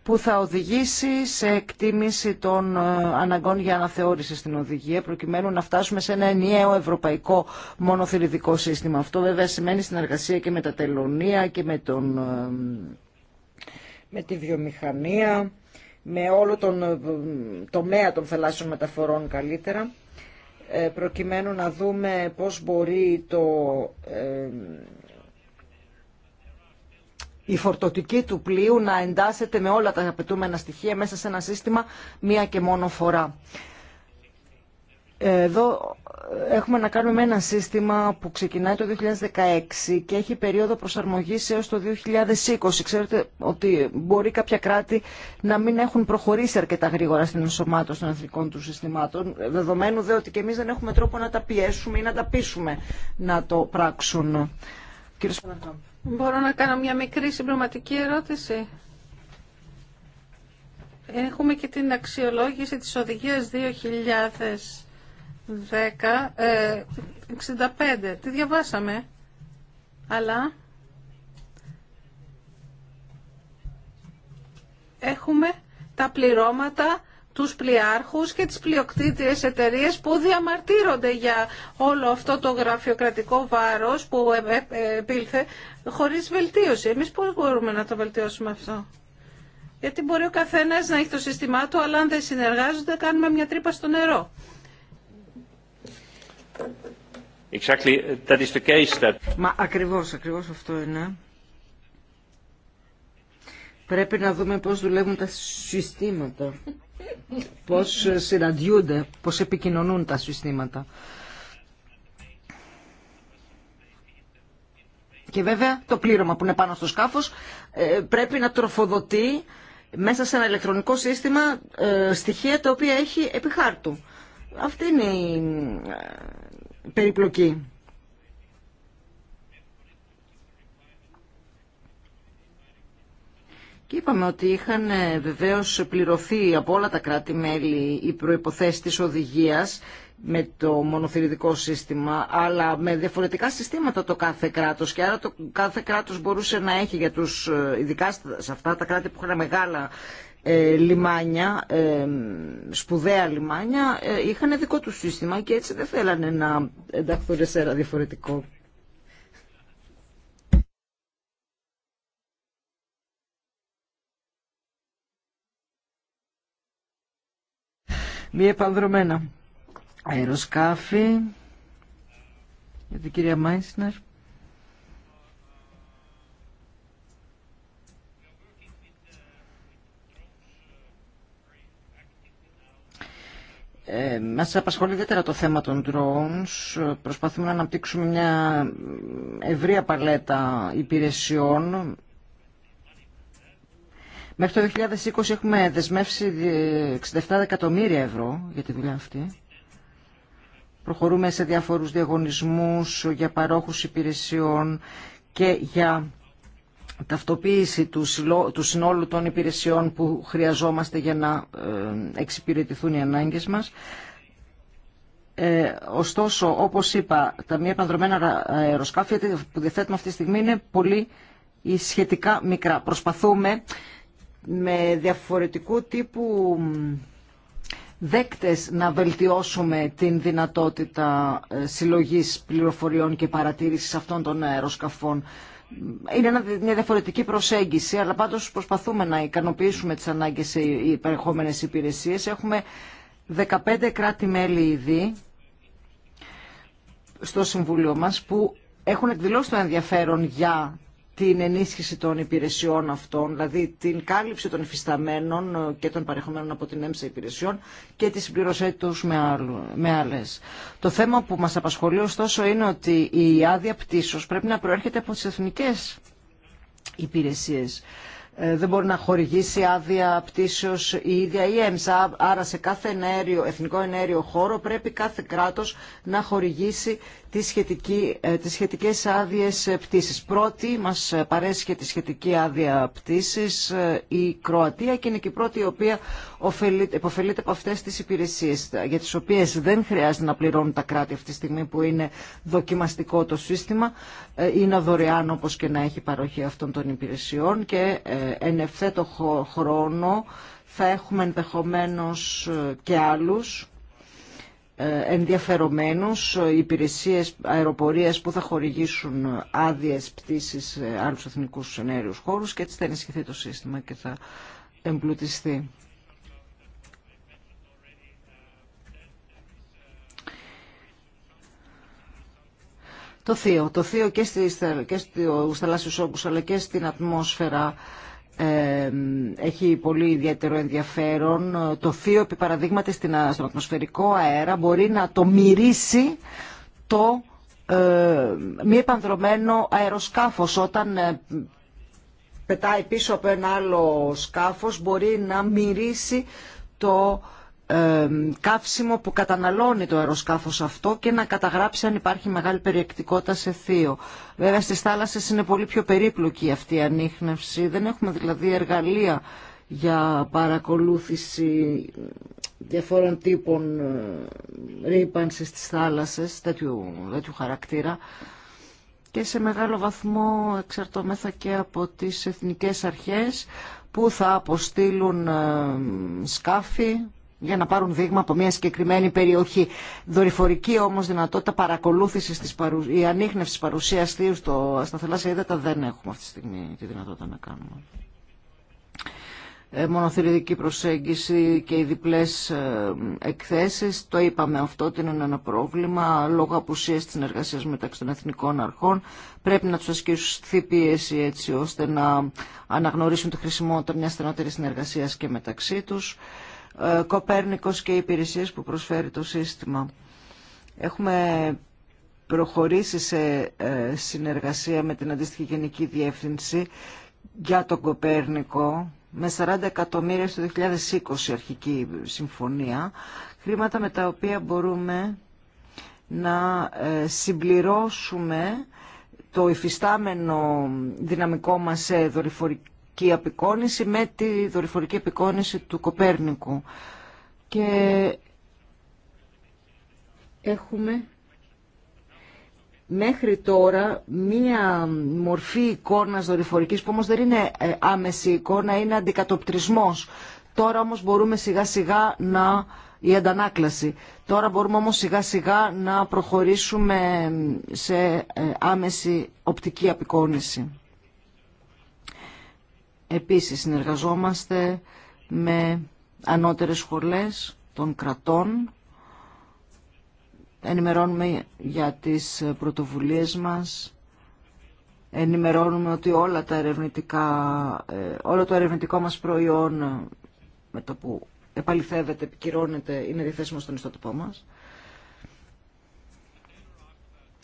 που θα οδηγήσει σε εκτίμηση των ε, αναγκών για αναθεώρηση στην οδηγία, προκειμένου να φτάσουμε σε ένα ενιαίο ευρωπαϊκό μονοθυριδικό σύστημα. Αυτό βέβαια σημαίνει συνεργασία και με τα τελωνία και με, τον, ε, με τη βιομηχανία με όλο τον τομέα των θελάσσιων μεταφορών καλύτερα, ε, προκειμένου να δούμε πώς μπορεί το, ε, η φορτωτική του πλοίου να εντάσσεται με όλα τα απαιτούμενα στοιχεία μέσα σε ένα σύστημα μία και μόνο φορά. Εδώ έχουμε να κάνουμε ένα σύστημα που ξεκινάει το 2016 και έχει περίοδο προσαρμογής έως το 2020. Ξέρετε ότι μπορεί κάποια κράτη να μην έχουν προχωρήσει αρκετά γρήγορα στην ενσωμάτωση των εθνικών του συστημάτων, δεδομένου δε ότι και εμείς δεν έχουμε τρόπο να τα πιέσουμε ή να τα πείσουμε να το πράξουν. Κύριε Μπορώ να κάνω μια μικρή συμπληρωματική ερώτηση. Έχουμε και την αξιολόγηση της οδηγίας 2000 10, ε, 65. Τι διαβάσαμε. Αλλά έχουμε τα πληρώματα τους πλοιάρχους και τις πλειοκτήτριες εταιρείε που διαμαρτύρονται για όλο αυτό το γραφειοκρατικό βάρος που ε, ε, επήλθε χωρίς βελτίωση. Εμείς πώς μπορούμε να το βελτιώσουμε αυτό. Γιατί μπορεί ο καθένας να έχει το σύστημά του, αλλά αν δεν συνεργάζονται κάνουμε μια τρύπα στο νερό. Exactly, that is Μα ακριβώς, ακριβώς αυτό είναι. Πρέπει να δούμε πώς δουλεύουν τα συστήματα, πώς ε, συναντιούνται, πώς επικοινωνούν τα συστήματα. Και βέβαια το πλήρωμα που είναι πάνω στο σκάφος ε, πρέπει να τροφοδοτεί μέσα σε ένα ηλεκτρονικό σύστημα ε, στοιχεία τα οποία έχει επί χάρτου. Αυτή είναι η περιπλοκή. Και είπαμε ότι είχαν ε, βεβαίως πληρωθεί από όλα τα κράτη-μέλη οι προϋποθέσεις της οδηγίας με το μονοθυριδικό σύστημα, αλλά με διαφορετικά συστήματα το κάθε κράτος και άρα το κάθε κράτος μπορούσε να έχει για τους, ε, ειδικά σε αυτά τα κράτη που είχαν μεγάλα ε, λιμάνια, ε, σπουδαία λιμάνια, ε, είχαν δικό του σύστημα και έτσι δεν θέλανε να ενταχθούν σε ένα διαφορετικό. Μία επανδρομένα αεροσκάφη για την κυρία Μάισνερ. Ε, μας απασχολεί ιδιαίτερα το θέμα των drones. Προσπαθούμε να αναπτύξουμε μια ευρεία παλέτα υπηρεσιών. Μέχρι το 2020 έχουμε δεσμεύσει 67 εκατομμύρια ευρώ για τη δουλειά αυτή. Προχωρούμε σε διάφορους διαγωνισμούς για παρόχους υπηρεσιών και για ταυτοποίηση του συνόλου των υπηρεσιών που χρειαζόμαστε για να ε, εξυπηρετηθούν οι ανάγκες μας. Ε, ωστόσο, όπως είπα, τα μη επανδρομένα αεροσκάφια που διαθέτουμε αυτή τη στιγμή είναι πολύ σχετικά μικρά. Προσπαθούμε με διαφορετικού τύπου δέκτες να βελτιώσουμε την δυνατότητα ε, συλλογής πληροφοριών και παρατήρησης αυτών των αεροσκαφών είναι μια διαφορετική προσέγγιση, αλλά πάντως προσπαθούμε να ικανοποιήσουμε τις ανάγκες σε υπερχόμενες υπηρεσίες. Έχουμε 15 κράτη-μέλη ήδη στο Συμβούλιο μας που έχουν εκδηλώσει το ενδιαφέρον για την ενίσχυση των υπηρεσιών αυτών, δηλαδή την κάλυψη των υφισταμένων ε, και των παρεχομένων από την έμψη υπηρεσιών και τη συμπλήρωσή του με, Το θέμα που μας απασχολεί ωστόσο είναι ότι η άδεια πτήσεω πρέπει να προέρχεται από τις εθνικές υπηρεσίες. Ε, δεν μπορεί να χορηγήσει άδεια πτήσεω η ίδια η ΕΜΣΑ, άρα σε κάθε εθνικό ενέριο χώρο πρέπει κάθε κράτο να χορηγήσει τις, ε, τις σχετικές άδειες ε, πτήσεις. Πρώτη μας ε, παρέσχε τη σχετική άδεια πτήσεις η Κροατία και είναι και η πρώτη η οποία υποφελείται από αυτές τις υπηρεσίες για τις οποίες δεν χρειάζεται να πληρώνουν τα κράτη αυτή τη στιγμή που είναι δοκιμαστικό το σύστημα. Είναι δωρεάν όπως και να έχει παροχή αυτών των υπηρεσιών και εν ευθέτω χρόνο θα έχουμε ενδεχομένω και άλλους ε, ενδιαφερομένους ε, υπηρεσίες αεροπορίας που θα χορηγήσουν άδειες πτήσεις σε άλλους εθνικούς ενέργειους χώρους και έτσι θα ενισχυθεί το σύστημα και θα εμπλουτιστεί. Το θείο. Το θείο και, στις, και στους θαλάσσιους όγκους αλλά και στην ατμόσφαιρα έχει πολύ ιδιαίτερο ενδιαφέρον. Το θείο, επί παραδείγματι, στην ατμοσφαιρικό αέρα μπορεί να το μυρίσει το ε, μη επανδρομένο αεροσκάφος. Όταν ε, πετάει πίσω από ένα άλλο σκάφος μπορεί να μυρίσει το καύσιμο που καταναλώνει το αεροσκάφος αυτό και να καταγράψει αν υπάρχει μεγάλη περιεκτικότητα σε θείο. Βέβαια στις θάλασσες είναι πολύ πιο περίπλοκη αυτή η ανείχνευση. Δεν έχουμε δηλαδή εργαλεία για παρακολούθηση διαφόρων τύπων ε, ρήπανσης στις θάλασσες τέτοιου, τέτοιου χαρακτήρα και σε μεγάλο βαθμό εξαρτώμεθα και από τις εθνικές αρχές που θα αποστείλουν ε, σκάφη για να πάρουν δείγμα από μια συγκεκριμένη περιοχή. Δορυφορική όμω δυνατότητα παρακολούθησης της παρου... η ανείχνευση παρουσία θείου στο... στα θαλάσσια ύδατα δεν έχουμε αυτή τη στιγμή τη δυνατότητα να κάνουμε. Ε, μονοθυριδική προσέγγιση και οι διπλές ε, εκθέσεις. Το είπαμε αυτό, ότι είναι ένα πρόβλημα λόγω απουσίας της συνεργασίας μεταξύ των εθνικών αρχών. Πρέπει να τους ασκηθεί πίεση έτσι ώστε να αναγνωρίσουν τη χρησιμότητα μια στενότερη συνεργασίας και μεταξύ τους. Ε, Κοπέρνικος και οι υπηρεσίες που προσφέρει το σύστημα. Έχουμε προχωρήσει σε ε, συνεργασία με την αντίστοιχη Γενική Διεύθυνση για τον Κοπέρνικο με 40 εκατομμύρια στο 2020 αρχική συμφωνία, χρήματα με τα οποία μπορούμε να ε, συμπληρώσουμε το υφιστάμενο δυναμικό μας σε η απεικόνηση με τη δορυφορική απεικόνηση του Κοπέρνικου. Και έχουμε μέχρι τώρα μία μορφή εικόνας δορυφορικής που όμως δεν είναι ε, άμεση εικόνα, είναι αντικατοπτρισμός. Τώρα όμως μπορούμε σιγά σιγά να... η αντανάκλαση. Τώρα μπορούμε όμως σιγά σιγά να προχωρήσουμε σε ε, άμεση οπτική απεικόνηση. Επίσης συνεργαζόμαστε με ανώτερες σχολές των κρατών. Ενημερώνουμε για τις πρωτοβουλίες μας. Ενημερώνουμε ότι όλα τα ερευνητικά, ε, όλο το ερευνητικό μας προϊόν ε, με το που επαληθεύεται, επικυρώνεται, είναι διαθέσιμο στον ιστότυπό μας.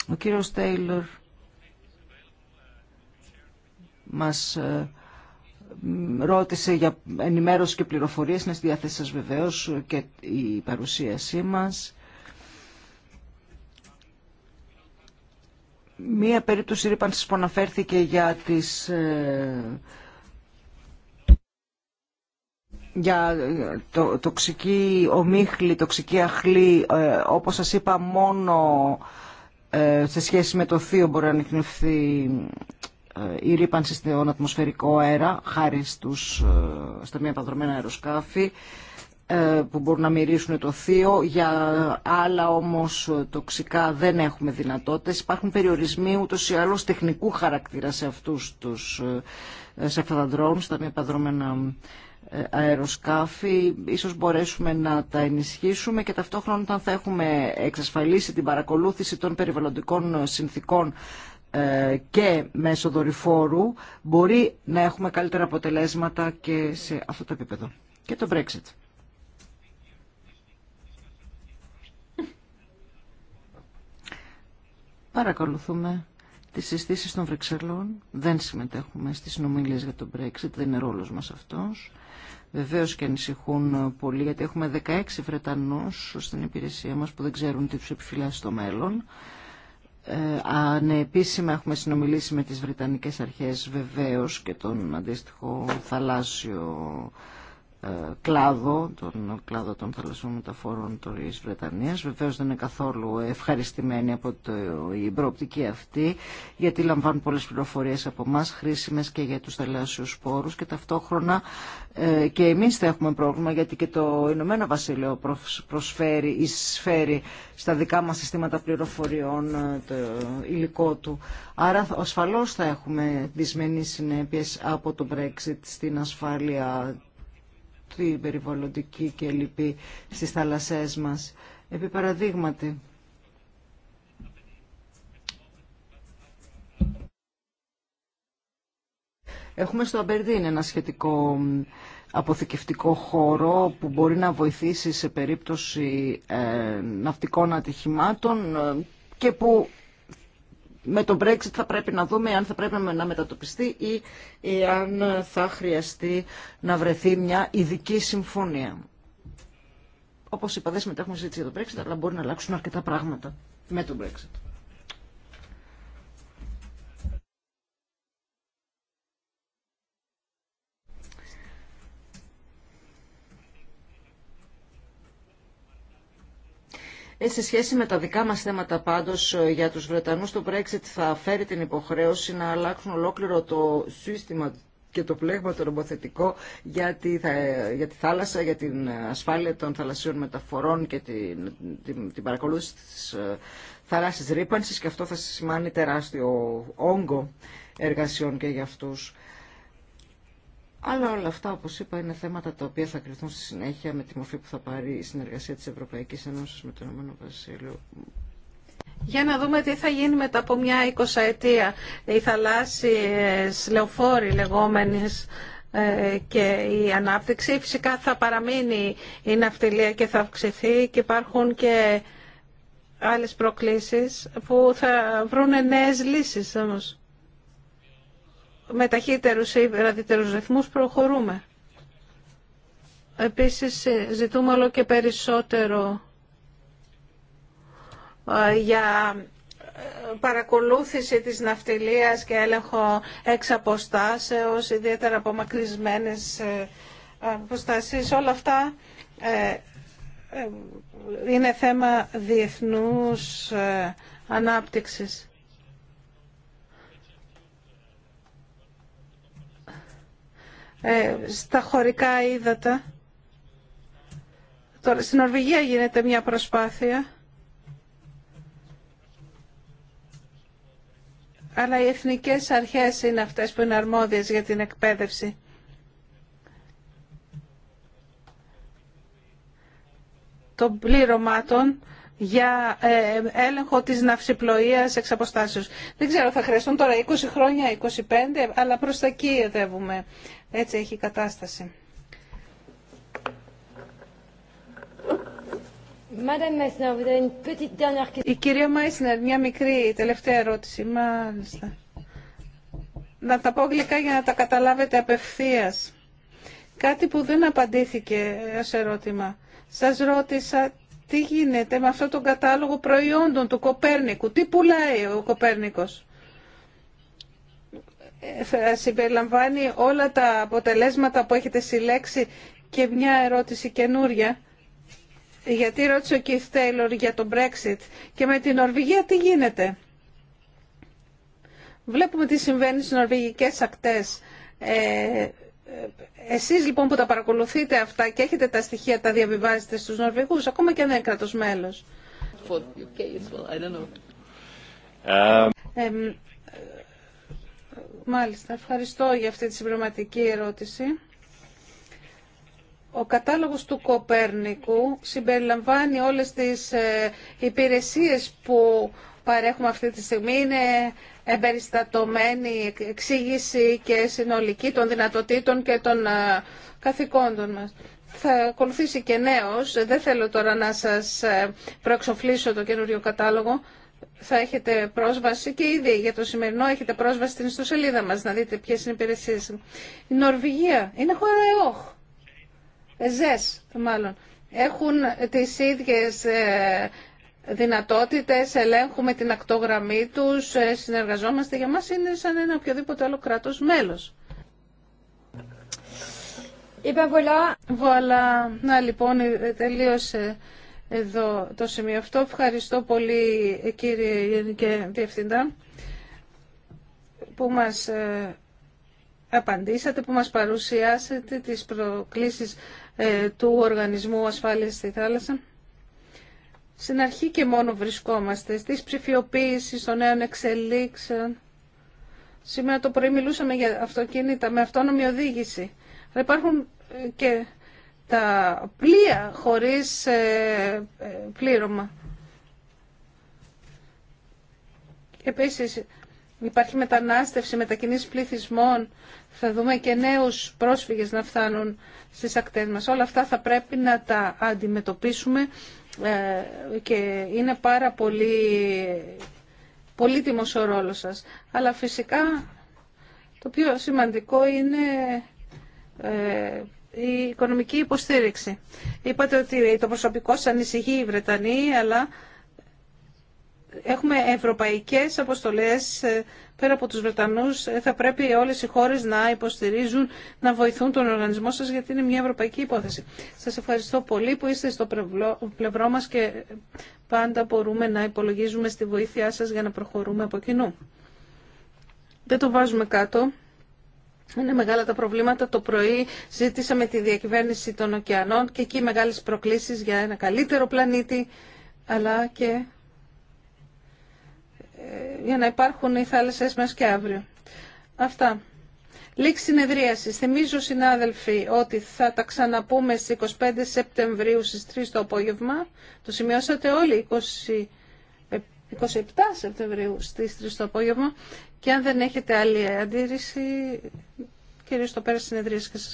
Ο κύριος Τέιλορ μας ε, ρώτησε για ενημέρωση και πληροφορίες, είναι στη διάθεση σας βεβαίως και η παρουσίασή μας. Μία περίπτωση ρήπανσης που αναφέρθηκε για τις... Ε, για ε, το, τοξική ομίχλη, τοξική αχλή, ε, όπως σας είπα μόνο σε σχέση με το θείο μπορεί να ανοιχνευθεί η ρήπανση στον ατμοσφαιρικό αέρα χάρη στους, ε, στα μία παδρομένα αεροσκάφη ε, που μπορούν να μυρίσουν το θείο. Για άλλα όμως ε, τοξικά δεν έχουμε δυνατότητες. Υπάρχουν περιορισμοί ούτως ή άλλως τεχνικού χαρακτήρα σε, αυτούς τους, σε αυτά τα drones, στα μία παδρομένα αεροσκάφη, ίσως μπορέσουμε να τα ενισχύσουμε και ταυτόχρονα όταν θα έχουμε εξασφαλίσει την παρακολούθηση των περιβαλλοντικών συνθήκων ε, και μέσω δορυφόρου μπορεί να έχουμε καλύτερα αποτελέσματα και σε αυτό το επίπεδο. Και το Brexit. Παρακολουθούμε τις συστήσεις των Βρεξελών. Δεν συμμετέχουμε στις συνομιλίες για το Brexit, δεν είναι ρόλος μας αυτός. Βεβαίως και ανησυχούν πολύ, γιατί έχουμε 16 Βρετανούς στην υπηρεσία μας που δεν ξέρουν τι τους επιφυλάσσει στο μέλλον. Ε, ανεπίσημα έχουμε συνομιλήσει με τις Βρετανικές Αρχές βεβαίως και τον αντίστοιχο θαλάσσιο ε, κλάδο, τον κλάδο των θαλασσών μεταφορών της Βρετανίας. Βεβαίως δεν είναι καθόλου ευχαριστημένοι από την η προοπτική αυτή, γιατί λαμβάνουν πολλές πληροφορίες από εμά χρήσιμες και για τους θαλάσσιους πόρους και ταυτόχρονα ε, και εμείς θα έχουμε πρόβλημα, γιατί και το Ηνωμένο Βασίλειο προσφέρει, ή σφέρει στα δικά μας συστήματα πληροφοριών ε, το υλικό του. Άρα ασφαλώς θα έχουμε δυσμενείς συνέπειες από το Brexit στην ασφάλεια την περιβαλλοντική και λοιπή στις θάλασσές μας. Επί Έχουμε στο Αμπερδίν ένα σχετικό αποθηκευτικό χώρο που μπορεί να βοηθήσει σε περίπτωση ε, ναυτικών ατυχημάτων ε, και που με τον Brexit θα πρέπει να δούμε αν θα πρέπει να μετατοπιστεί ή αν θα χρειαστεί να βρεθεί μια ειδική συμφωνία. Όπως είπα, δεν συμμετέχουμε συζήτηση για τον Brexit, αλλά μπορεί να αλλάξουν αρκετά πράγματα με τον Brexit. Ε, σε σχέση με τα δικά μας θέματα πάντως ε, για τους Βρετανούς, το Brexit θα φέρει την υποχρέωση να αλλάξουν ολόκληρο το σύστημα και το πλέγμα το ρομποθετικό για τη, για τη θάλασσα, για την ε, ασφάλεια των θαλασσίων μεταφορών και την, την, παρακολούθηση της θαλάσσης ρήπανσης και αυτό θα σημάνει τεράστιο όγκο εργασιών και για αυτούς. Αλλά όλα αυτά, όπως είπα, είναι θέματα τα οποία θα κρυθούν στη συνέχεια με τη μορφή που θα πάρει η συνεργασία της Ευρωπαϊκής Ένωσης με το Ηνωμένο Βασίλειο. Για να δούμε τι θα γίνει μετά από μια εικοσαετία. Οι θαλάσσιες λεωφόροι λεγόμενες ε, και η ανάπτυξη. Φυσικά θα παραμείνει η ναυτιλία και θα αυξηθεί και υπάρχουν και άλλες προκλήσεις που θα βρουν νέες λύσεις όμως με ταχύτερους ή βραδύτερους ρυθμούς προχωρούμε. Επίσης ζητούμε όλο και περισσότερο για ε, παρακολούθηση της ναυτιλίας και έλεγχο εξ αποστάσεως, ιδιαίτερα μακρισμένες ε, αποστάσεις. Όλα αυτά ε, είναι θέμα διεθνούς ανάπτυξης. Ε, στα χωρικά ύδατα. Τώρα στην Νορβηγία γίνεται μια προσπάθεια. Αλλά οι εθνικές αρχές είναι αυτές που είναι αρμόδιες για την εκπαίδευση. των πλήρωμάτων για ε, έλεγχο της ναυσιπλοείας εξ αποστάσεως. Δεν ξέρω, θα χρειαστούν τώρα 20 χρόνια, 25, αλλά προς τα εκεί εδεύουμε έτσι έχει η κατάσταση. Η κυρία Μάισνερ, μια μικρή τελευταία ερώτηση, μάλιστα. Να τα πω γλυκά για να τα καταλάβετε απευθείας. Κάτι που δεν απαντήθηκε ως ερώτημα. Σας ρώτησα τι γίνεται με αυτό τον κατάλογο προϊόντων του Κοπέρνικου. Τι πουλάει ο Κοπέρνικος θα ε, συμπεριλαμβάνει όλα τα αποτελέσματα που έχετε συλλέξει και μια ερώτηση καινούρια. Γιατί ρώτησε ο Keith Taylor για το Brexit και με την Νορβηγία τι γίνεται. Βλέπουμε τι συμβαίνει στις νορβηγικές ακτές. Ε, εσείς λοιπόν που τα παρακολουθείτε αυτά και έχετε τα στοιχεία, τα διαβιβάζετε στους Νορβηγούς, ακόμα και αν είναι κρατος μέλος. Ε, Μάλιστα, ευχαριστώ για αυτή τη συμπληρωματική ερώτηση. Ο κατάλογος του Κοπέρνικου συμπεριλαμβάνει όλες τις ε, υπηρεσίες που παρέχουμε αυτή τη στιγμή. Είναι εμπεριστατωμένη εξήγηση και συνολική των δυνατοτήτων και των ε, καθηκόντων μας. Θα ακολουθήσει και νέος. Δεν θέλω τώρα να σας ε, προεξοφλήσω το καινούριο κατάλογο θα έχετε πρόσβαση και ήδη για το σημερινό έχετε πρόσβαση στην ιστοσελίδα μας να δείτε ποιες είναι οι υπηρεσίες. Η Νορβηγία είναι χώρα ΕΟΧ. ΕΖΕΣ μάλλον. Έχουν τις ίδιες ε, δυνατότητες, ελέγχουμε την ακτογραμμή τους, ε, συνεργαζόμαστε. Για μας είναι σαν ένα οποιοδήποτε άλλο κράτος μέλος. Είπα, voilà. Να λοιπόν ε, τελείωσε εδώ το σημείο αυτό. Ευχαριστώ πολύ κύριε Γενική Διευθυντά που μας ε, απαντήσατε, που μας παρουσιάσετε τις προκλήσεις ε, του Οργανισμού Ασφάλειας στη Θάλασσα. Στην αρχή και μόνο βρισκόμαστε, στις ψηφιοποίησεις των νέων εξελίξεων. Σήμερα το πρωί μιλούσαμε για αυτοκίνητα με αυτόνομη οδήγηση. υπάρχουν ε, και τα πλοία χωρίς ε, ε, πλήρωμα. Επίσης υπάρχει μετανάστευση, μετακινήσεις πληθυσμών, θα δούμε και νέους πρόσφυγες να φτάνουν στις ακτές μας. Όλα αυτά θα πρέπει να τα αντιμετωπίσουμε ε, και είναι πάρα πολύ πολύτιμος ο ρόλος σας. Αλλά φυσικά το πιο σημαντικό είναι η οικονομική υποστήριξη. Είπατε ότι το προσωπικό σας ανησυχεί η Βρετανοί, αλλά έχουμε ευρωπαϊκές αποστολές ε, πέρα από τους Βρετανούς. Ε, θα πρέπει όλες οι χώρες να υποστηρίζουν, να βοηθούν τον οργανισμό σας, γιατί είναι μια ευρωπαϊκή υπόθεση. Σας ευχαριστώ πολύ που είστε στο πλευρό μας και πάντα μπορούμε να υπολογίζουμε στη βοήθειά σας για να προχωρούμε από κοινού. Δεν το βάζουμε κάτω. Είναι μεγάλα τα προβλήματα. Το πρωί ζήτησαμε τη διακυβέρνηση των ωκεανών και εκεί μεγάλες προκλήσεις για ένα καλύτερο πλανήτη, αλλά και ε, για να υπάρχουν οι θάλασσες μας και αύριο. Αυτά. Λήξη συνεδρίασης. Θυμίζω, συνάδελφοι, ότι θα τα ξαναπούμε στις 25 Σεπτεμβρίου στις 3 το απόγευμα. Το σημειώσατε όλοι, 20 27 Σεπτεμβρίου στις 3 το απόγευμα και αν δεν έχετε άλλη αντίρρηση, κυρίως το πέρα συνεδρίες και